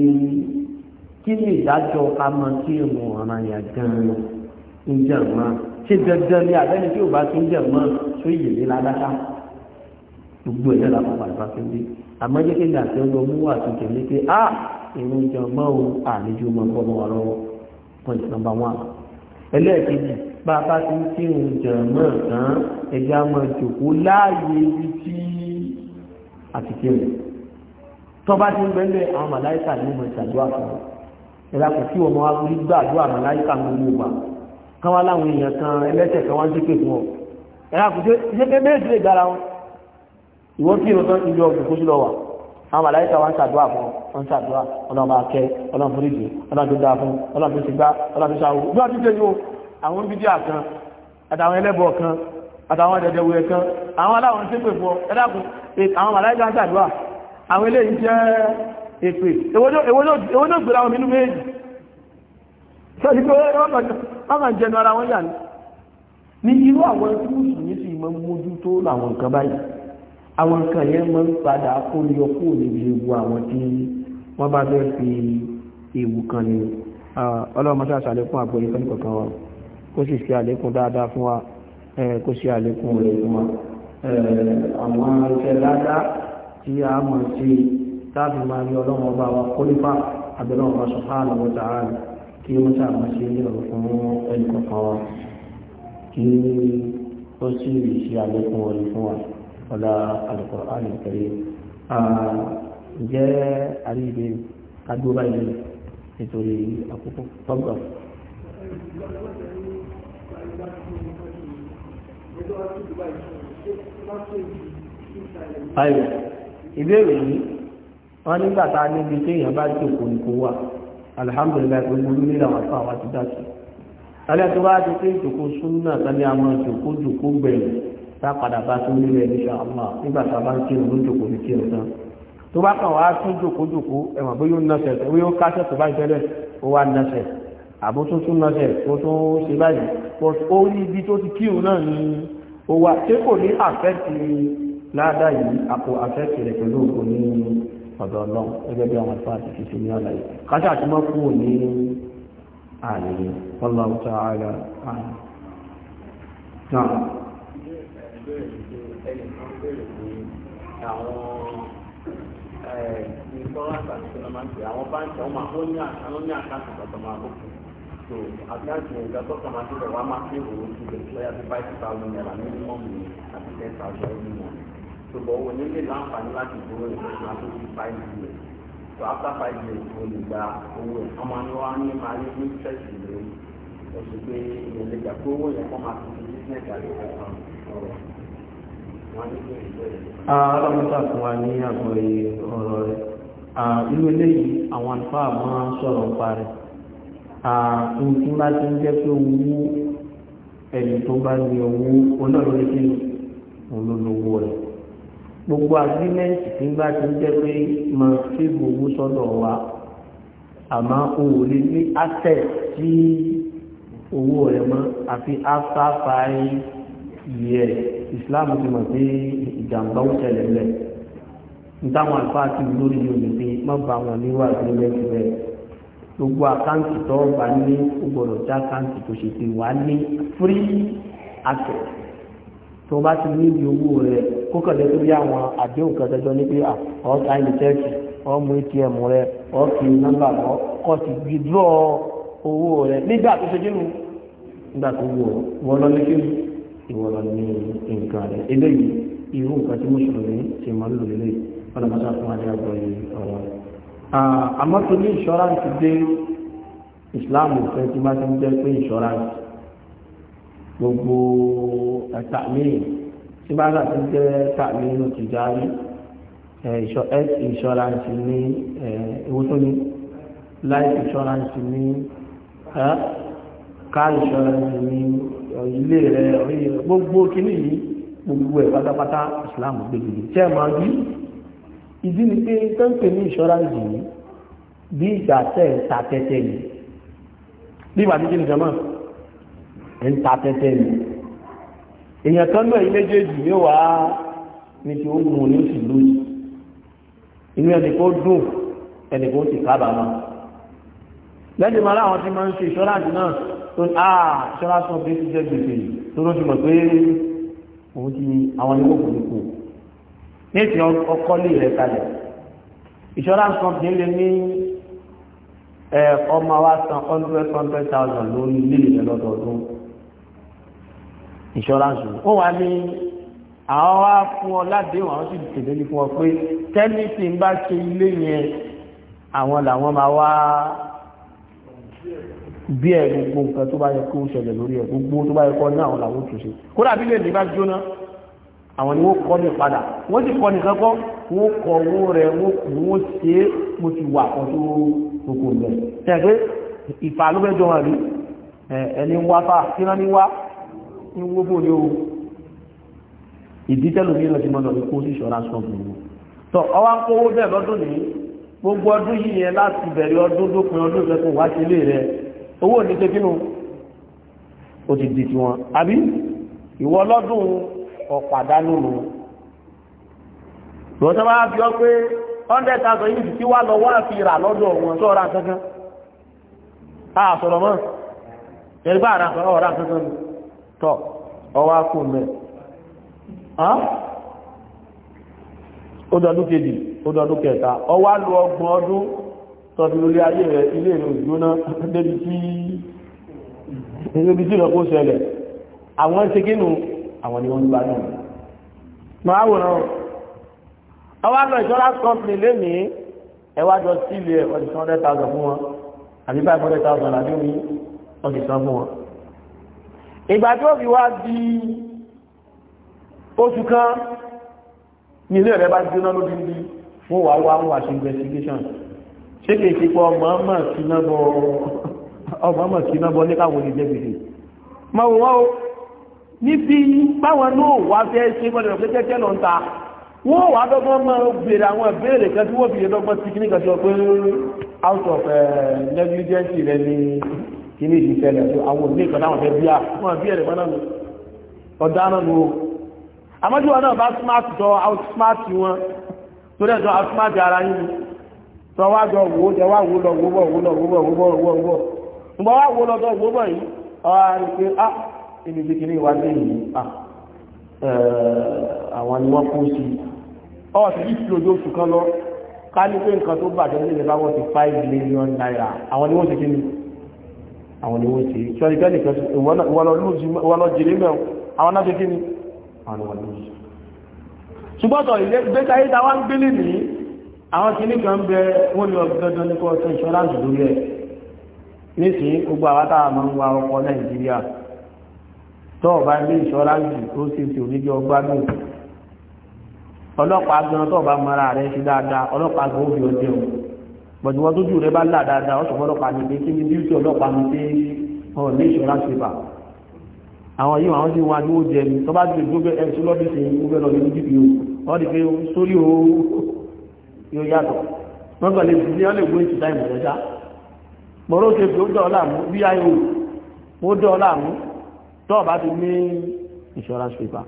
kí ni ìdájọ́ ká mọ kí ìmọ̀ ọ̀ràn yà gan-an ń jẹ̀ mọ́ ṣé dandan ni àbẹ́ni tí ò bá ti ń jẹ̀ mọ́ tó yè mí ládàá gbogbo ẹ̀dá la fún àlùfáà fi ń dé àmọ́ jẹ́ kí ni àti ọgbọ́n mú wà tó tẹ̀lé pé á ìrún ìjọba òun àlejò máa ń bọ́ mọ́ wa lọ́wọ́ point number one ẹlẹ́ẹ̀kejì bàbá ti ń kí òun jẹ̀ mọ́ tán ẹ̀jẹ̀ àmọ́ ìjòkó láàyè ibi tí àti kí rẹ̀ tọ́ba ti ń bẹ́lẹ̀ àwọn màláìkà ní ọmọ ìṣàdúrà fún un ẹ̀dá kò sí ọmọ agbórí gbàdúrà màláìkà gbogbo wa kán wá láwọn èèyàn kan ẹlẹ́sẹ̀ kan wá ń dépè fún ọ ẹ̀dá kò ṣe pé méjì lè gbára wọn ìwọ kí irun tán ìlú ọ̀gbìn kó sí lọ wà àwọn màláìkà wá ń ṣàdúrà fún ọ ń ṣàdúrà ọlọ́mọ akẹ́ ọlọ́mọ fúnìjì ọlọ́mọ tó dáa fún ọlọ́mọ tó ti gbá ọlọ́mọ tó ṣàwọ́ àwọn bídíà kan àtàwọn ẹlẹ́bọ̀ kan àtàwọn ẹ̀dẹ̀dẹ̀wẹ̀ kan àwọn aláwọn tí pè fọ ẹ̀dàkùn àwọn màláìkà sàdúrà àwọn ilé ìjẹ́ èpè èwo ló gbèrà wọn inú méjì sọ́dí pé wọ́n kàn jẹnu ara wọn yà ní irú àwọn ẹkùsù ní sì mọ́ mójú tó àwọn nǹkan báyìí àwọn nǹkan yẹn mọ́ ń padà kó yọ kó lè ewu àwọn tí wọ́n bá fẹ́ fi ewu kan ni ah, ọlọ́mọṣáṣà lẹ́kún àpò ìfẹ́ nìkọ̀kan wọn kó sì ṣe àlékún dáadáa fún wa kó ṣe àlékún rẹ̀ fún wa àwọn iṣẹ́ ládá tí a mọ̀ sí táàbí máa rí ọlọ́run ọba wa kólífà abẹ́rẹ́ ọba subhanahu wa ta'ala kí ó sàmọ́ sí ilé ọ̀rọ̀ fún ẹnì kọ̀ọ̀kan wa kí ó sì ṣe àlékún rẹ̀ fún wa ọ̀la al-Qur'an al-Karim jẹ́ àríyìn kádúrà ilé nítorí àkókò tọ́gbà ayọ̀ ìbéèrè yìí wọ́n nígbà tá a níbi tí èèyàn bá jòkó ní kó wà alihamudulilayi gbogbo olúmi làwọn afọ àwọn ti dáṣe alẹ́ tó bá ti pé ìjòkó súnmọ́ àtàlí àwọn ìjòkó jòkó gbẹ̀yìn tá a padà bá tó nílẹ̀ ní sàmà nígbà tá a bá ń kírun ló jòkó ní kírun tán tó bá kàn wá tún jòkó jòkó ẹ̀wọ̀n bóyá ó nọ́ọ̀sẹ̀ bóyá ó kásẹ̀ tó bá ń tẹ́lẹ̀ ó wá nọ́ọ̀sẹ̀ àbótótún lọ́sẹ̀ kó tó ṣe báyìí ó rí ibi tó ti kírun náà ni ó wá tí kò ní àfẹ́tì ládá yìí àpò àfẹ́tì rẹ̀ pẹ̀lú òkú ní ọ̀dọ̀ ọlọ́run gẹ́gẹ́ bí àwọn àfáà ti fi ṣe ní ọ̀la yìí káṣà tí wọ́n kúrò ní ààyè Allahu ta'ala ààyè. náà àwọn eh, ìfọwọ́sà tí wọ́n máa ń pè àwọn báńkì àwọn ní àkáǹtì tọ̀tọ̀ máa bọ̀ fún so àkáǹtì ìgbà tọ́ka máa ti bẹ̀rẹ̀ wá máa fi òun ti bẹ̀rẹ̀ lọ́yà sí five thousand naira minimum ní àti ten thousand minimum ṣùgbọ́n òun nílé láǹfààní láti gbowó ìfẹ̀sùn àti fi five years so after five years òun lè gba owó ẹ̀ ọmọ ní wàá ní máa ní interest lé oṣù pé èèyàn lè gbà pé owó yẹn kọ́ máa fi fi business àti ẹ̀sán ọ̀rọ̀ wọn ní kí ìgbẹ́ alámọ́tà fún wa ní àgbọ̀yé ọ̀rọ̀ rẹ̀ ah, irú eléyìí àwọn àlùfáà máa ń sọ̀rọ̀ ń parẹ́ àti bá ti ń jẹ́ pé owó ẹni tó bá ní owó olóòlórí kí olólùwò rẹ̀ gbogbo agbímẹ́ǹtì tí bá ti ń jẹ́ pé mọ fíìmù owó sọ́dọ̀ wa àmọ́ owó lè ní asset sí owó rẹ̀ mọ́ àfi after five Islam ti mọ̀ pé ìjàmbá ó ṣẹlẹ̀ lẹ̀ nítawọn àlùfáà ti lórí yìí ò ní pé má bá wọn níwájú lẹ́sìn bẹ́ẹ̀. gbogbo àkáǹtì tó bá ní ó gbọdọ̀ já àkáǹtì tó ṣe pé wà ní free access tó bá ti ní ibi owó rẹ kókànlẹ́ tó bí àwọn àdéhùn kan tẹ́jọ́ ní pé ọ̀ọ́ta ilé tẹ́ẹ̀kì ọmọ atm rẹ ọ̀ọ́kì nọ́mbà lọ kọ́ ti owó rẹ nígbà tó ṣe jẹ́nu nígbà tó lọ ní ìwọ lọ ní nǹkan rẹ eléyìí irú nǹkan tí ṣe máa ń Ah, àmọ́ tó ní insurance dé Islam fẹ́ tí máa ti ń jẹ́ pé insurance gbogbo ẹ̀ta míì tí bá náà ti jẹ́ ẹ̀ta míì ló ti járe health ní ewu tó ní life insurance ní car insurance ní ilé rẹ̀ gbogbo kíní yìí gbogbo ẹ̀ pátápátá Islam gbèdéde tẹ́ ẹ̀ máa yí ìdí ni pé tó ń pè ní insurance yìí bí ìgbà tẹ̀ ń ta tẹ́tẹ́ ni bí ìgbà tẹ́tẹ́ ni jọmọ́ ẹ̀ ń ta tẹ́tẹ́ ni èèyàn kan náà ilé méjèèjì yóò wá ní ti ó mú un ní oṣù lóyún inú ẹni kó dùn ẹni kó sì kábàámọ̀ lẹ́yìn máa láwọn tí máa ń ṣe insurance náà tó ní àà ah, insurance company ti jẹ́ gbèsè tó ló ti mọ̀ pé òun ti àwọn ẹni kò kò ní ti ọkọ́ lè rẹ̀ kalẹ̀ insurance company lè ní ọmọ wa san hundred hundred thousand lórí ilé rẹ̀ lọ́dọọdún insurance ó wà ní àwọn wá fún ọ ládéhùn àwọn sì tètè ní fún ọ pé tẹ́lifí ń bá ṣe ilé yẹn àwọn làwọn máa wá bí ẹ gbogbo nǹkan tó bá yẹ kó ṣẹlẹ̀ lórí ẹ gbogbo tó bá yẹ kó náà àwọn làwọn tún ṣe kódà bí lè ní bá jóná àwọn ni wọ́n kọ́ ní padà wọ́n ti kọ́ ní kankọ́ wọ́n kọ́ owó rẹ̀ wọ́n kù wọ́n ṣe é mo ti wà kan tó gbogbo rẹ̀ tẹ́gbẹ́ ìfà ló fẹ́jọ hàn rí ẹni wá fà kí náà ní wá ní gbogbo ní o ìdí tẹ́lù mi lọ́ti mọ́nà ní kó sí ìṣọ́ra sọ́ọ̀bù mi tọ́ ọwá ń kówó bẹ́ẹ̀ lọ́dún ní gbogbo ọdún yìí yẹn láti bẹ̀rẹ̀ ọdún dópin ọdún ìfẹ́kùn wá sí ilé rẹ̀ owó ní tekínú ó ti di tiwọn àbí ìwọ lọ́dún ọ̀pàdánù nù lọ́wọ́ tó bá fi ọ pé yìí ti wá lọ wá fi rà lọ́dọ̀ wọn ra kankan a sọ̀rọ̀ mọ́ ẹgbẹ́ àrà ọwá mẹ́ ó kejì ó kẹta ọgbọ̀n ọdún tọ́bi orí àwọn ni wọ́n ń gbádùn máa wòrán o àwọn àlọ́ insurance company lénìí ẹ wá jọ sí ilé ẹ̀kọ́ ti hundred thousand fún wọn àbí five hundred thousand àbí omi wọ́n ti san fún wọn. ìgbà tí ó fi wá di oṣù kan ní ilé rẹ̀ bá ti dúná lóbi bí wọ́n wá wá wọ́n wá investigation ṣé kìí ṣe pé ọmọ ọmọ sínábọ ọmọ ọmọ sínábọ ní káwọn olùjẹ́ gbèsè máa wò o. níbi báwọn náà wá fẹ́ ṣe gbọ́dọ̀ pé lọ ń ta wọ́n wà máa bèèrè àwọn ìbéèrè kan tí wọ́n out of eh, negligence rẹ ni tó àwọn òní fẹ́ bí a wọ́n bí ẹ̀rẹ̀ nù nù o wọn náà bá smart wọn ara yín ni tọ́ wá jọ wò ó jẹ wá wò lọ wò bọ̀ wò lọ wò bọ̀ wò bọ̀ wò bọ̀ níbi tí kìíní wá dé yìí àwọn ni wọ́n kú sí ọ̀ sí yìí lójú oṣù kan lọ ká ní pé nǹkan tó bàjẹ́ ní ìlẹ̀ báwọ̀ ti five million naira àwọn ni wọ́n ti kíni àwọn ni wọ́n ti sọ́ni kẹ́lì kan ìwọ́n lọ jìnnì mẹ́wọ̀n àwọn náà ti kíni àwọn ni wọ́n ti kíni ṣùgbọ́tọ̀ ìgbésà yíta wá ń gbélé ní àwọn kìíní kan bẹ wọ́n lọ gbẹ́dọ̀ nípa ọ̀tọ̀ insurance lórí ẹ̀ nísìnyí gbogbo àwátà máa ń wa ọkọ̀ Nàìjíríà tó o bá ní ìṣọ́ráǹsì tó ṣe ti oníjẹ ọgbà náà ọlọ́pàá gan tó o bá mara rẹ ṣe dáadáa ọlọ́pàá gan ó ọjẹ́ o bọ̀dù wọn tójú rẹ bá là dáadáa ọ̀sán ọlọ́pàá ní pé kí ni bí ó ti ọlọ́pàá ní pé ọ̀ ní ìṣọ́ráǹsì bá àwọn yìí àwọn tí wọn ni ó jẹ ní tó bá ti lè gbé ẹ̀ṣú lọ́dún sí ìgbẹ́ lọ nínú dpo wọ́n di pé sórí o yóò yàtọ̀ wọ́n gbà lè fi lé gbé ìtìta ìmọ̀lẹ́sá mọ̀rọ̀ tó bá ti ní insurance paper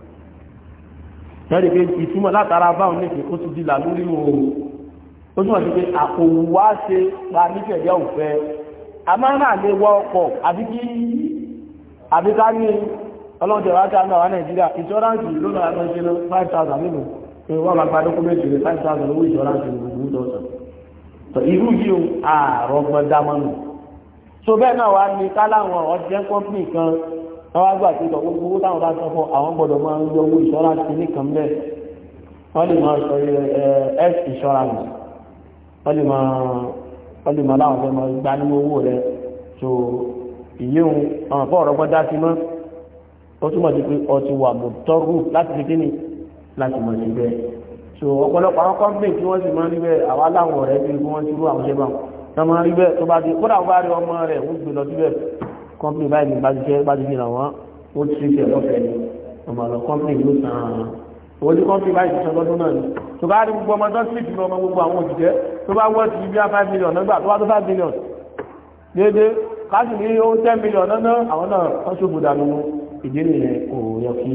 lẹ́rìí pé ìtumọ̀ látara báwọn nìkan ó ti dìlà lórí òun ó túnmọ̀ sí pé àkòwò wá ṣe pa nífẹ̀ẹ́ òfẹ́ amára lè wọ ọkọ̀ àbí kí àbí ká ní ọlọ́dẹ̀ wá ká náà wá nàìjíríà insurance ló lọ́ra lọ ṣe lọ five thousand nínú pé wọ́n máa gba dọ́kúmẹ́ntì rẹ̀ five thousand owó insurance ní gbogbo dọ́sàn tó irú yìí o àrọ́gbọ́n dámọ́nù so bẹ́ẹ̀ náà wá ní ká láwọn ọ̀jẹ́ company kan wọ́n wá gbà pé tọ̀wọ́ gbogbo táwọn bá sọ fún àwọn gbọ́dọ̀ máa ń yọ owó ìṣọ́ra sí nìkan bẹ́ẹ̀ wọ́n lè máa sọ health insurance wọ́n lè máa wọ́n lè máa láwọn fẹ́ máa gbá nínú owó rẹ̀ so ìyéhun àwọn àpá ọ̀rọ̀ gbọ́dá sí mọ́ ó túmọ̀ sí pé ọtí wà mọ̀ tọ́rù láti fi kíni láti mọ̀ sí bẹ́ẹ̀ so ọ̀pọ̀lọpọ̀ àwọn kọ́ńpìn tí wọ́n sì máa ń rí bẹ́ẹ̀ àwa láwọn ọ̀rẹ́ bí wọ́n ti rú àwọn ṣẹ́bà wọ́n máa ń rí bẹ́ẹ̀ tó bá di kódà wọ́n bá rí ọmọ rẹ̀ ń gbé lọ síbẹ̀ kọ́mpìnì báyìí ní bájúṣẹ́ bájúṣẹ́ là wọ́n ó ti ṣe ọ̀fẹ́ ni ọmọ àlọ́ kọ́mpìnì ló sàn án owó tí kọ́mpìnì báyìí ti sọ lọ́dún náà ni tó bá rí gbogbo ọmọ tó sì fi ọmọ gbogbo àwọn òṣìṣẹ́ tó bá wọ́n ti bí five million nígbà tó wá tó five million déédéé káàsì ní ó ten million náà àwọn náà wọ́n ṣòfò dànù ìdí nìyẹn kò yẹ kí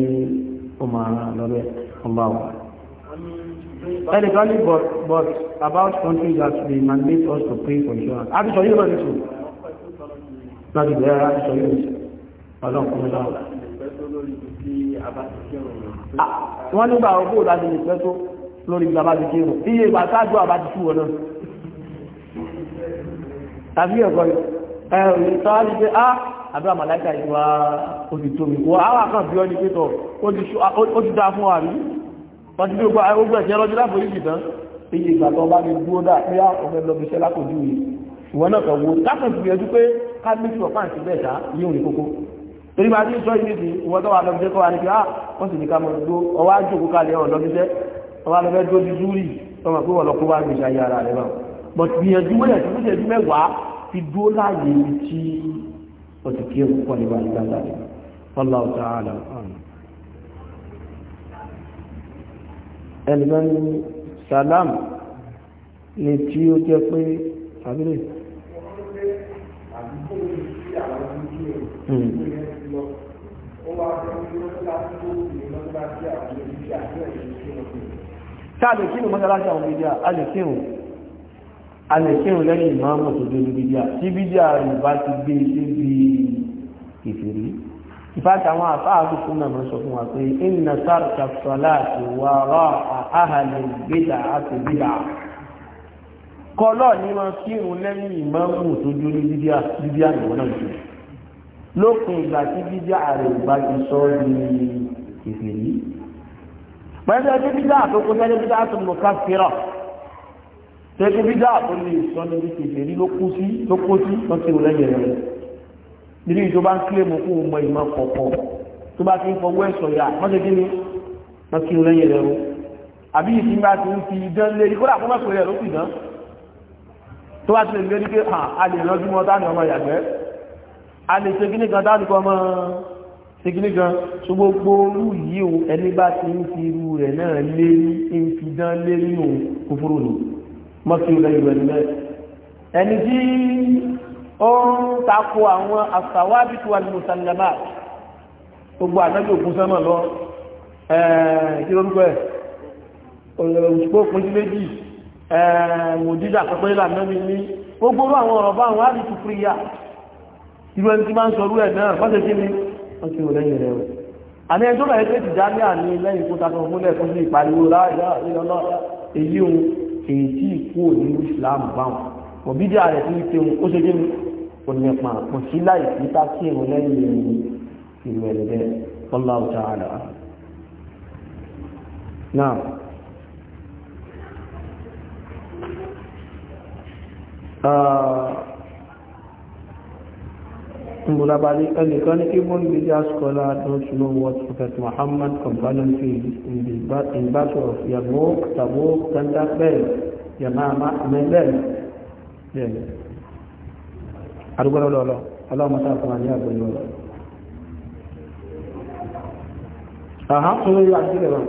ó máa lọ́bẹ̀ ọba wa. ẹnìkan ní but but about countries that dey mandate us to pay for insurance. a ti sọ yóò lọ nítorí láti bẹ̀rẹ̀ rárá sọ yóò ṣe ọlọ́run kún mi láwùrá. wọ́n nígbà ọgbó láti lè pẹ́ tó lórí ibi àbájú kí irun iye ìgbà sáájú àbájú sí wọn náà. tàbí ẹ̀kọ́ ẹ̀rù ìtọ́wájú pé á ah, àdúrà màláìka ìwà òtítọ́mi wọ àwọn kan bí ọ ní pétọ̀ ó ti dá fún wa rí wọ́n ti bí ogbó ẹ̀ṣẹ́ lọ́jọ́ láàbòrí ìdán iye ìgbà tó bá ní dúó dà pé á ah, ọ̀fẹ́ lọ́bíṣẹ́ lákòójú yìí ìwọ náà kàn wo tákàn fi ẹjú pé ká mí sùn fáǹsì bẹ́ẹ̀ sá yí òní kókó torí bá ti ń sọ ìdí ìwọ́n tó wà lọ bí sẹ́kọ̀ọ́ àti ah wọ́n sì ní ká mọ̀ dúró ọwọ́ àjò kó kalẹ̀ ọ̀ lọ́bíṣẹ́ ọwọ́ àlọ́bẹ́ dúró di zúrì ọmọ pé wọ́n lọ kó bá ń gbèsè ayé ara rẹ̀ bá but gbìyànjú mọ́lẹ̀ tó ń ṣẹ́jú mẹ́wàá fi dúró láàyè ibi tí ó ti kí pọ̀ ní sàlám àwọn ojú ẹ̀ tó yẹ ti lọ ó wá fẹ́ ní mọ́sálásí tó kù ní mọ́sálásí àwọn ojú ẹ̀ àti ẹ̀ṣẹ̀ tó lọ sí. tá a lè kírun mọ́sálásí àwọn ojú ẹ̀ a lè kírun a lè kírun lẹ́yìn ìmáàmù tó dé ní bídíà tí bídíà rẹ̀ bá ti gbé sí e bí ìfèrí ìfàtí àwọn àfáàbù fún náà sọ fún wa pé ìnà sáré kàfọ́lá àti wàrà àhàlẹ̀ kọlọ́ ní ma kírun lẹ́yìn ìmọ̀mù tó dúró ní bíbí àyẹ̀wò náà jù lópin ìgbà tí bíbí ààrẹ ìgbà ti sọ ní ìfẹ́ yìí pẹ̀lú ẹgbẹ́ bíbí àtòkò tẹ́lẹ̀ bíbí àtòmọ̀ káfíìrọ̀ tẹ́lẹ̀ bíbí àtò lè sọ ní bíbí ìfẹ́ yìí ló kú sí ló kú sí ló kírun lẹ́yìn rẹ̀ nínú ìjọba ń kílè mú kó mọ ìmọ̀ kọ̀ọ̀kọ̀ tó bá ti ń fọwọ́ ẹ̀sọ̀ yà wọ́n ti kí ni wọ́n kírun lẹ́yìn rẹ̀ o àbí ìfìgbà ti ń fi idán lé ikú tó wá tilẹ̀ lórí pé a lè rọ́jú mọ́ táàmì ọmọ ìyàgbẹ́ a lè ṣe gíní kan táàmì ọmọ ṣe gíní kan tó gbogbo orú yìí o ẹni bá ti ń fi irú rẹ̀ náà lé ń fi dán lé nínú kúfúrú ni mọ́ sí ilẹ̀ ìwẹ̀ nílẹ̀ ẹni tí ó ń tako mùdídà pẹ́pẹ́ ìlànà mi ní gbogbo àwọn ọ̀rọ̀ bá àwọn àdìtú fúríyà irú ẹni tí máa ń sọrú ẹ̀ náà wọ́n ti kí ni wọ́n ti wò lẹ́yìn rẹ̀ o àmì ẹjọ́ bẹ̀rẹ̀ pé tìjà ní àní lẹ́yìn kó takọ̀ múlẹ̀ fún sí ìpariwo láàrín ìlọ́lọ́ èyí òun èyí tí ìkú òní Islam báwọn òbídí ààrẹ tí ń tẹun ó ṣe kí ni kò ní ẹ̀pà kò sí láì sí ká kí èrò lẹ́yìn ìlú ẹ̀rẹ̀ bẹ́ẹ̀ Wallahu Ngulabali ah, ẹnìkan ní even media scholar don't know what Prophet Muhammad companion feels in the in battle of Yarmouk, Tabuk, Kandahar, Yamama, Mẹ́lẹ̀. Àdúgbò lọ́lọ́, ọlọ́mọ sáà fún àní àgbẹ̀lọ́lọ́. Àhán, tó lórí àti rẹ̀ wọn.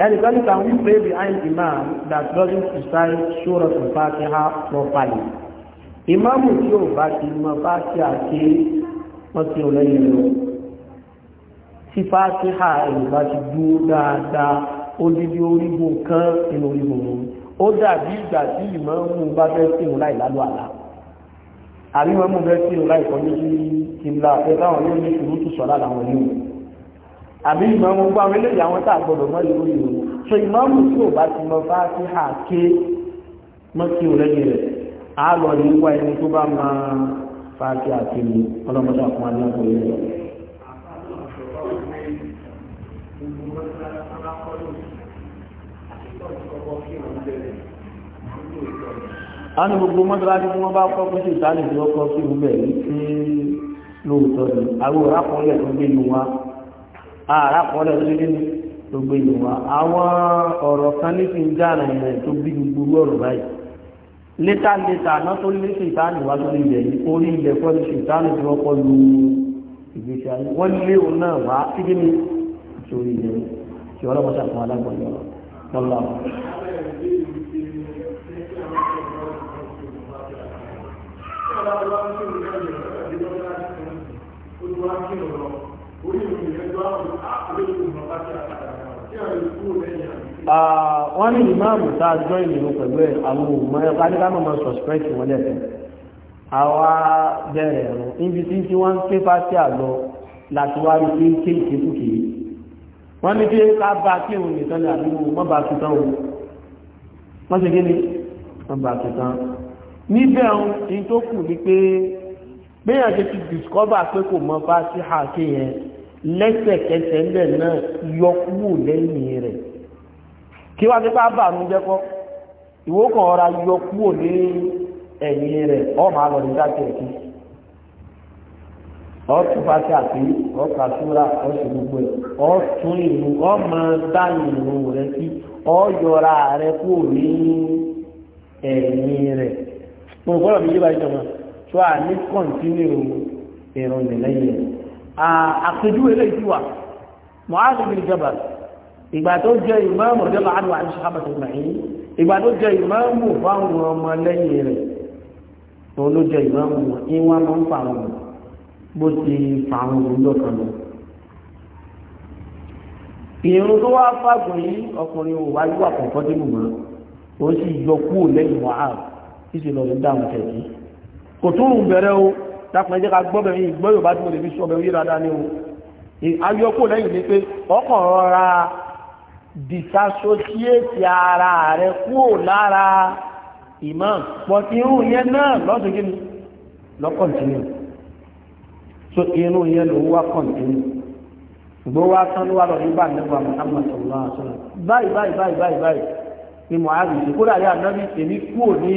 Anybody can we pray behind Imam that doesn't recite Surah Al-Fatiha properly? Ìmáàmù tí ó bá ti mọ Fatiha àti wọ́n ti ọlẹ́yìn lọ. Tí Fatiha ẹ̀yìn bá ti dúró dáadáa, ó dídí orígun kan inú orígun mú. Ó dàbí ìgbà tí ìmáàmù bá fẹ́ sínú láì lálọ́ àlá. Àríwọ̀n mú fẹ́ sínú láì kọjú sí ìlà ẹ̀ráwọn yóò ní ṣùrùtù sọ̀rọ̀ làwọn yóò àbí ìmọ̀mù gbọ́ àwọn eléyìí àwọn tá a gbọ́dọ̀ mọ́ ìlú ìlú so ìmọ̀mù tí ò bá ti mọ fátíhà ké mọ́ kí o lẹ́yìn rẹ̀ á lọ ní wá ẹni tó bá mọ fátíhà ké mi ọlọ́mọdé àfún adé àpò yẹn lọ. a ní gbogbo mọ́tàlásí tí wọ́n bá kọ́ fún sí tí wọ́n kọ́ sí ìwúbẹ̀ yìí sí lóòótọ́ ni àwọn òrà kan lẹ̀ tó gbé yìí wá ara kọ́lẹ̀ lórí ní gbogbo ìlú wa àwọn ọ̀rọ̀ kan ní fi ń já ara ìrìn tó bí gbogbo ọ̀rọ̀ báyìí létà létà náà tó lé ṣètánì wá lórí ilẹ̀ yìí orí ilẹ̀ fọ́ ní ṣètánì tí wọ́n kọ́ lu ìgbésí ayé wọ́n lé òun náà wá síbi ní sórí ilẹ̀ yìí tí wọ́n lọ́mọṣà fún alágbọ̀nyọ̀ lọ́lá. Thank you wọ́n ní ìmáàmù tá a jọ ìlú pẹ̀lú ẹ̀ àwọn òmùmọ́ ẹ̀ bá ní ká mọ̀mọ́ sọ̀spẹ́kì wọn lẹ́fẹ̀ àwa bẹ̀rẹ̀ ẹ̀rọ níbi tí tí wọ́n ń ké fásí àlọ láti wá rí pé ké ìkékùké wọ́n ní pé ká bá kí òun nìkan ní àbí òun mọ́ba tuntun o wọ́n ṣe kéde mọ́ba tuntun níbẹ̀ ohun tí tó kù ni pé gbéyànjẹ́ ti discover pé kò mọ fásí àkéyẹn lẹ́sẹ̀kẹsẹ̀ ńlẹ̀ náà yọ kúrò lẹ́yìn rẹ̀ kí wá nípa bànújẹ́ kọ́ ìwọ kan ọ̀ra yọ kúrò ní ẹ̀yìn rẹ̀ ọmọ àlọ́ ní dákẹ́ ẹ̀kí ọtún fàṣẹ àti ọkà súra ọsùn gbogbo ẹ ọtún ìlú ọmọ dáhùn ìlú rẹ sí ọyọra rẹ kúrò ní ẹ̀yìn rẹ̀ mo gbọ́dọ̀ mi yí báyìí jọmọ tó a ní kọ́ńtínú ìrùn ìrùn nìlẹ́yìn rẹ̀ àpèjúwe lè ti wà Mu'adh bin Jabal ìgbà tó jẹ́ ìmáàmù rẹ̀ láàánú àti ṣàbàtì ìmáàmù ìgbà tó jẹ́ ìmáàmù fáwọn ọmọ lẹ́yìn rẹ̀ tó ló jẹ́ ìmáàmù ìwọ̀n máa ń fàwọn bó ti fàwọn olùdó kan lọ. ìrún tó wá fàgùn yìí ọkùnrin ò wáyé wà kọ̀ọ̀kọ́ tí mo mọ̀ ó sì yọ kúrò lẹ́yìn Mu'adh kí sì lọ́ọ́ dákùnrin jẹ́ ká gbọ́bẹ̀ yìí gbọ́ Yorùbá tí mo lè fi sọ bẹ̀rù yìí dáadáa ní o ayọ́kò lẹ́yìn ni pé ọkàn rọra disassociate ara rẹ kúrò lára ìmọ̀ pọ̀tí irú yẹn náà lọ́sùn kí ni lọ kọ̀ǹtínú so irú yẹn ló wá kọ̀ǹtínú gbogbo wa tán ló wà lọ nígbà nígbà mọ̀tàmọ̀ sọ̀rọ̀ àṣọ báyìí báyìí báyìí báyìí báyìí ni mọ̀ á rí i kó dàrí ànábì tèmi kúrò ní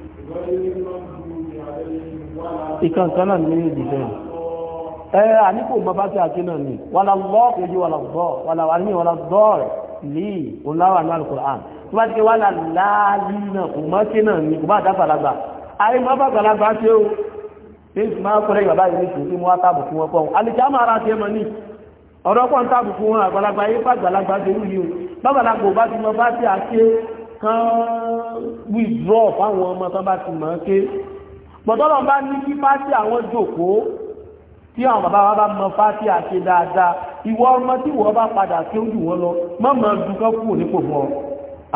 ìkankan náà ní ìdìbẹ̀ ẹ àníkò bàbá tí a kí náà ní wàlá lọ́ kejì wàlá bọ́ wàlá wà ní wàlá bọ́ ní oláwà ní alukur'an tó bá ti ké wàlá láàlì náà kò mọ́ kí náà ní kò bá dá fàlágbà ayé mọ́ bá fàlágbà tí ó ní ìsìn máa kọ́lé bàbá yìí ní ìsìn tí wọ́n tábù fún wọn pọ̀ alìjá máa ra tiẹ̀ mọ́ ní ọ̀rọ̀ pọ̀ ń tábù fún wọn àgbàlagbà yìí fàgbàlagbà ti rú yìí bàbàlagbà ò kan withdraw fáwọn ọmọ tán bá ti mọ̀ ké pọ̀tọ́lọ̀ bá ní kí fásí àwọn jókòó tí àwọn bàbá wa bá mọ fásí àṣe dáadáa ìwọ ọmọ tí wọ́n bá padà kí ó jù wọ́n lọ mọ́mọ́ dúkọ́ kù nípò fún ọ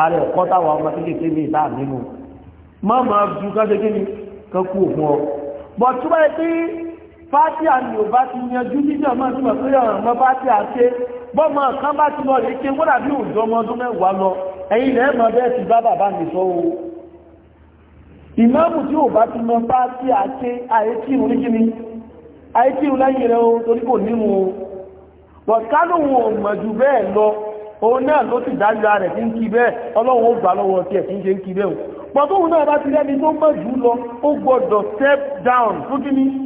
ààrẹ ẹ̀kọ́ táwọn ọmọ kékeré ní ìta nínú mọ́mọ́ dúkọ́ kékeré kan kù fún ọ bọ̀ túbọ̀ yẹ pé fátíà ni ò bá ti yanjú níjọ́ máa túnmọ̀ tó yọ̀ ọ̀rọ̀ fátíà ṣe bọ́mọ kan bá ti lọ léke wọ́n dàbí òjò ọmọ ọdún mẹ́wàá lọ ẹ̀yin lẹ́ẹ̀ mọ̀ bẹ́ẹ̀ ti bá bàbá mi sọ o ìmáàmù tí ò bá ti mọ fátíà ṣe àyékírun ní kíni àyékírun lẹ́yìn rẹ o torí kò nímú o bọ̀kánùn ò mọ̀ jù bẹ́ẹ̀ lọ òun náà ló ti dájú rẹ̀ tí ń kí bẹ́ẹ̀ ọlọ́run ó gbà lọ́wọ́ tí ẹ̀ tí ń ṣe ń kí bẹ́ẹ̀ o pọ̀tóhun náà bá ti lẹ́ni tó mọ̀ jù lọ ó gbọ́dọ̀ step down fún kíní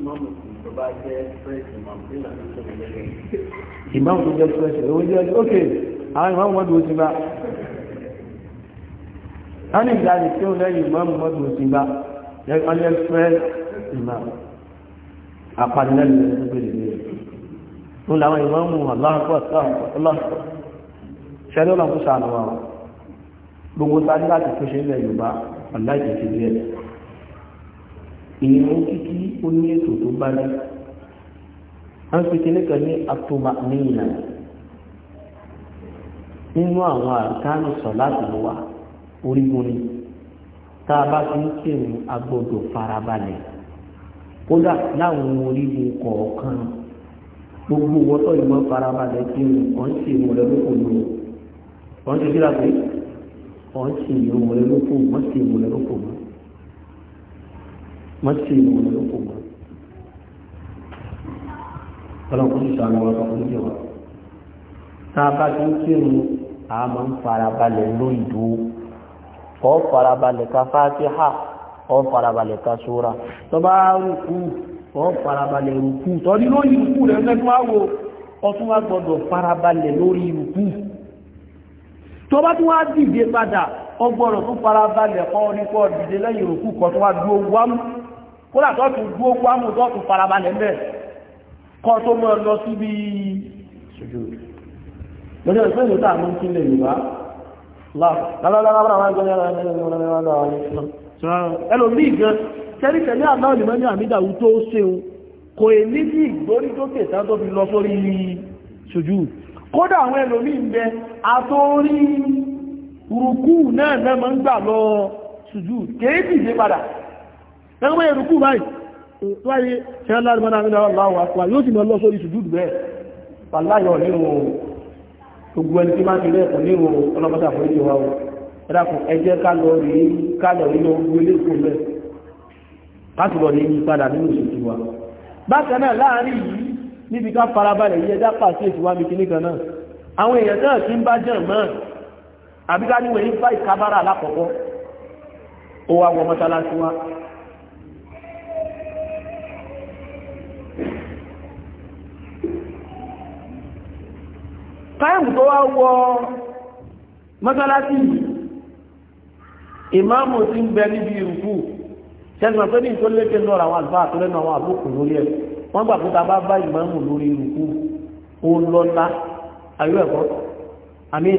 ìmáàmù tó bá jẹ́ fẹ́ẹ̀sì ìmáàmù tó yàtọ̀ tó lẹ́yìn. ìmáàmù tó jẹ́ fẹ́ẹ̀sì ìwé jẹ́ ok àwọn ìmáàmù wọn dúró sí bá wọ́n ní ìdájì tí ó lẹ́yìn ìmáàmù wọn dúró sí bá wọ́n jẹ́ fẹ́ẹ̀sì ìmáàmù apanilẹ́nu ló gbèrè ní rẹ̀ tó làwọn ìmáàmù aláàkọ́ aláàkọ́ ṣẹlẹ́ ọ̀làkúṣà àwọn gbogbo sáré ìrún kíkí ó ní ètò tó bá dé wọ́n fi kíní kan ní atoma níyìnà nínú àwọn àrùkánù sọ láti lọ wá orígun ni tá a bá fi ń kírun a gbọ́dọ̀ farabalẹ̀ kódà láwọn orígun kọ̀ọ̀kan gbogbo wọ́tọ̀ ìmọ̀ farabalẹ̀ kírun kàn ń ṣe ìmọ̀ rẹ lóko lóko kàn ń ṣe kíra pé kàn ń ṣe ìmọ̀ rẹ lóko wọ́n ṣe ìmọ̀ rẹ lóko mọ́tì ìwọ̀n ló kò mọ́ ọlọ́run kò sì sọ àwọn ọ̀rọ̀ tó yẹ wa tá a bá ti ń kírun a máa ń farabalẹ̀ lóyìnbó ọ farabalẹ̀ ka fatiha ọ farabalẹ̀ ka sura tó bá rúkú ọ farabalẹ̀ rúkú torí lóyìn rúkú rẹ̀ fẹ́ máa tún wá dìde padà ọgbọ̀rọ̀ tó farabalẹ̀ kọ́ nípa dìde lẹ́yìn rúkú kọ́ tó wá dúró wámú kódà tó tún dúó wámù tó tún farabalẹ̀ mẹ́ kọ́ tó mọ́ lọ síbi ṣojú lọ́jọ́ ìpín ìlú tàà mú kí lè yorùbá ẹlòmíì gan tẹ́lítẹ̀lé àdáwọn ìmọ̀ ní àmìdàwù tó ṣeun kò è ní bí ìgbórídókè tán tó fi lọ sórí ṣojú kódà àwọn ẹlòmíì ń bẹ àtórí rùkú náà náà máa ń gbà lọ ṣojú kéèkì dé padà ẹgbẹ́ ìrùkú báyìí tó wáyé ṣe ń láàrin mọ́nà aláwọ̀ àpá yóò sì mọ́ lọ sórí ṣùdúdù bẹ́ẹ̀ pàláyọ̀ nínú gbogbo ẹni tí máa ti rẹ̀ pọ̀ nínú ọlọ́pàá àforíjì wa ẹ̀dàkùn ẹjẹ́ kálọ̀rí kálọ̀rí lọ gbogbo ilé ìkó bẹ́ẹ̀ láti lọ ní padà nínú ìṣètì wa bákan náà láàrin yìí níbi ká farabalẹ̀ yẹ dápà sí ètò wa mi kìíní kan náà àwọn èèyàn náà ti ń bá jẹ̀ mọ́ àbíká níwèé ń bá ìkábára alákọ̀ọ́kọ́ táìmù tó wá wọ mọ́sálásí ìmáàmù ti ń bẹ níbi ìrùkú tẹ́sán pé ní ìtòlékè lọ́rọ̀ àwọn àlùfáà tó lẹ́nu àwọn àbúkù lórí ẹ̀ wọ́n gbà fún ta bá bá ìmáàmù lórí ìrùkú ó lọ́lá ayú ẹ̀kọ́ àmì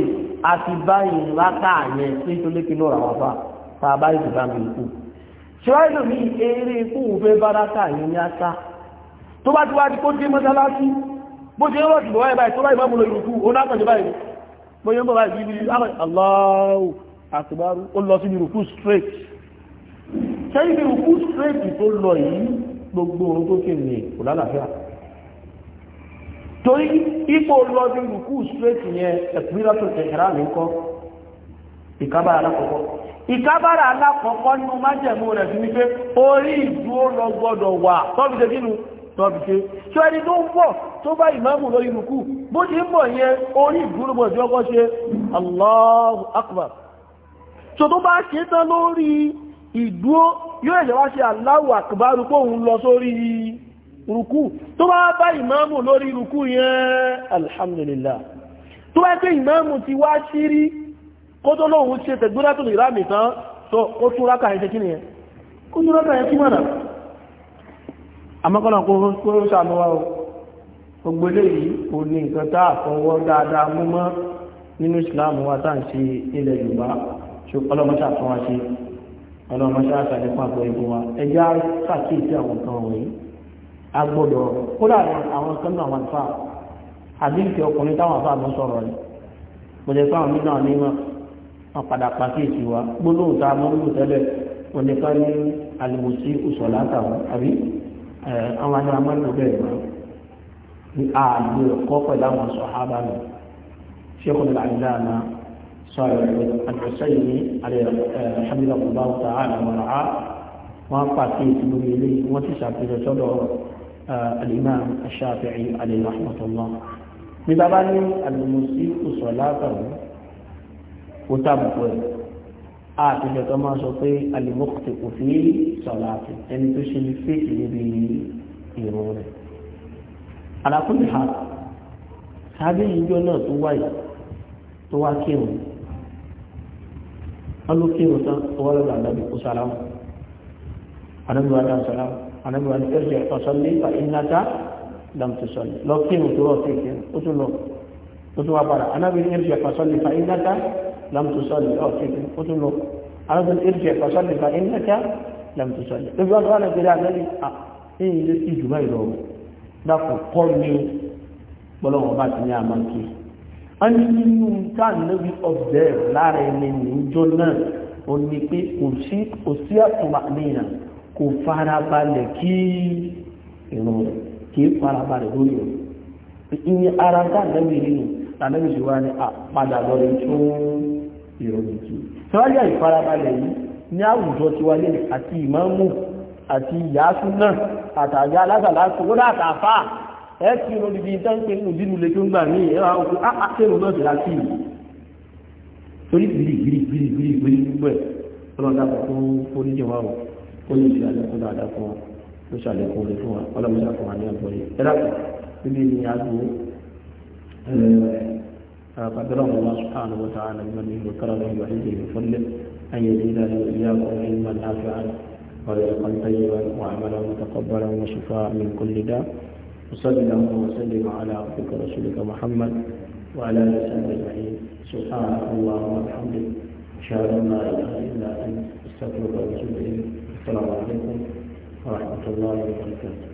àti báyìí látà yẹn ní ìtòlékè lọ́rọ̀ àwọn àlùfáà tá a bá ìdìbàmì ìrùkú ṣíwájú mi eré ikú òfé báráká yìí ní àṣà tó bá ti wá di kó dé mọ́sálásí bó ṣe rọ̀ ṣùgbọ́n báyìí báyìí tó báyìí mọ́mù lọ ìrùkú ó náà kànjẹ́ báyìí bó yẹ́ ń bọ̀ báyìí bí Allahu akbar ó lọ sí ìrùkú straight ṣẹ́yìn ìrùkú straight tó lọ yìí gbogbo orun tó kí ni kò lálàáfíà torí ipò lọ sí ìrùkú straight yẹn ẹ̀kúrírà tó tẹ̀kẹ̀rà mi kọ́ ìkábára alákọ̀ọ́kọ́ ìkábára alákọ̀ọ́kọ́ nínú májẹ̀mú rẹ̀ sí wípé orí ìdúró lọ gbọ́dọ̀ wà tọ́bi ṣe kínú tọ́bi ṣe ṣọ́ ẹni tó ń bọ̀ tó bá ìmáàmù lórí rùkú bó ti ń bọ̀ yẹn orí ìgbúrúgbọ̀n tí ọkọ̀ ṣe Allahu Akbar so tó bá ṣe tán lórí ìdúró yóò ẹ̀jẹ̀ wá ṣe Allahu Akbar rúkú òun lọ sórí rùkú tó bá bá ìmáàmù lórí rùkú yẹn alhamdulillah tó bá pé ìmáàmù ti wá ṣírí kó tó lóhun ṣe tẹ̀gbúrá tó tán tó ó tún rákà ẹ̀ tẹ́kí nìyẹn kó tún o gbogbo eléyìí kò ní nǹkan tá a fọwọ́ dáadáa mú mọ́ nínú islam wa tá à ń ṣe ilẹ̀ yorùbá ọlọ́mọṣà tún wá ṣe ọlọ́mọṣà àtàlẹ́pọ̀ àbọ̀ ìbò wa ẹja ṣàkíyèsí àwọn kan wọ̀nyí a gbọ́dọ̀ kódà àwọn kan náà wọn fà àdínkì ọkùnrin táwọn afá mọ́ sọ̀rọ̀ rẹ̀ kò jẹ́ fáwọn nínú àwọn onímọ̀ wọn padà pàkíyèsí wa gbólóhùn tá a mọ́ ní ààbò ẹ̀kọ́ pẹ̀lú àwọn sọ̀hábà nù ṣékùn ní àìdáàmà sọ̀rọ̀ àjọṣẹ́yìn ní alhamdulilayi ọ̀gbọ̀n ọ̀tà àlàmọ̀ràn á wọ́n pàṣẹ ìdúró ilé wọ́n ti ṣàfihàn sọ́dọ̀ alimam aṣáfi'i alayhi rahmatullah ní bàbá ní alùmùsí ìsọ̀látàwù ó tàbùkù ẹ̀ àtijọ́ tó máa sọ pé alìmọ́kùtì kò fi sọ̀látì ẹni tó ṣe fèkì níbi ìrún rẹ̀ àlàkùnrin ha sábẹ́ ìjọ náà tó wáyé tó wá kírun wọ́n ló kírun tán tó wá lọ́dọ̀ àdábì kó sálámù àdábì wá dá sálámù àdábì wá ní ẹ̀jẹ̀ ọ̀sán lé ìfà ìnáta dàmtì sọ̀lẹ̀ lọ kírun tó rọ̀ sí ìkírun ó tún lọ ó tún wá padà àdábì ní ẹ̀jẹ̀ ọ̀sán lé ìfà ìnáta dàmtì sọ̀lẹ̀ ọ̀ sí ìkírun ó tún lọ àdábì ní ah, ẹ̀jẹ̀ dàpọ̀ kọ́ ni gbọ́lọ́wọ́ bá ti ní àmàkì a ní nínú táàlẹ́bí observe lára ẹni níjọ́ náà o ní pé kò sí àtùmà nìyàn kò farabalẹ̀ kí ìrùn rẹ̀ kì í farabalẹ̀ lórí rẹ̀ ìyẹn ara táàlẹ́bí nínú táàlẹ́bí sì wá ní àpadà lórí tó ìròyìn kí. sọ́jà ìfarabalẹ̀ yìí ní àwùjọ tiwa lẹ́nu àti ìmáàmù àti ìyáṣú náà àtàjá alásàlásù ó dàtàfà ẹ kí irun níbi tán pé nínú dínú lè tó ń gbà ní ẹwà òkú ákérò náà ti láti ìlú torí gbìrì gbìrì gbìrì gbìrì gbìrì gbogbo ẹ ọlọ́dà kò forí jẹ wọn o ó yẹ ìṣẹ̀lẹ̀ àlékún dáadáa fún wọn ló ṣàlékún rẹ fún wọn ọlọ́mọdé fún wa ní ọgbọ yìí ẹ dàpọ̀ níbi ni a gbó الله سبحانه وتعالى بمنه وكرمه وعزه وفضله أن يزيدنا وإياكم علما نافعا ورزقا طيبا وعملا متقبلا وشفاء من كل داء وصل اللهم وسلم على عبدك ورسولك محمد وعلى اله وصحبه اجمعين سبحانك اللهم وبحمدك اشهد ان لا اله الا انت استغفرك واتوب اليك السلام عليكم ورحمه الله وبركاته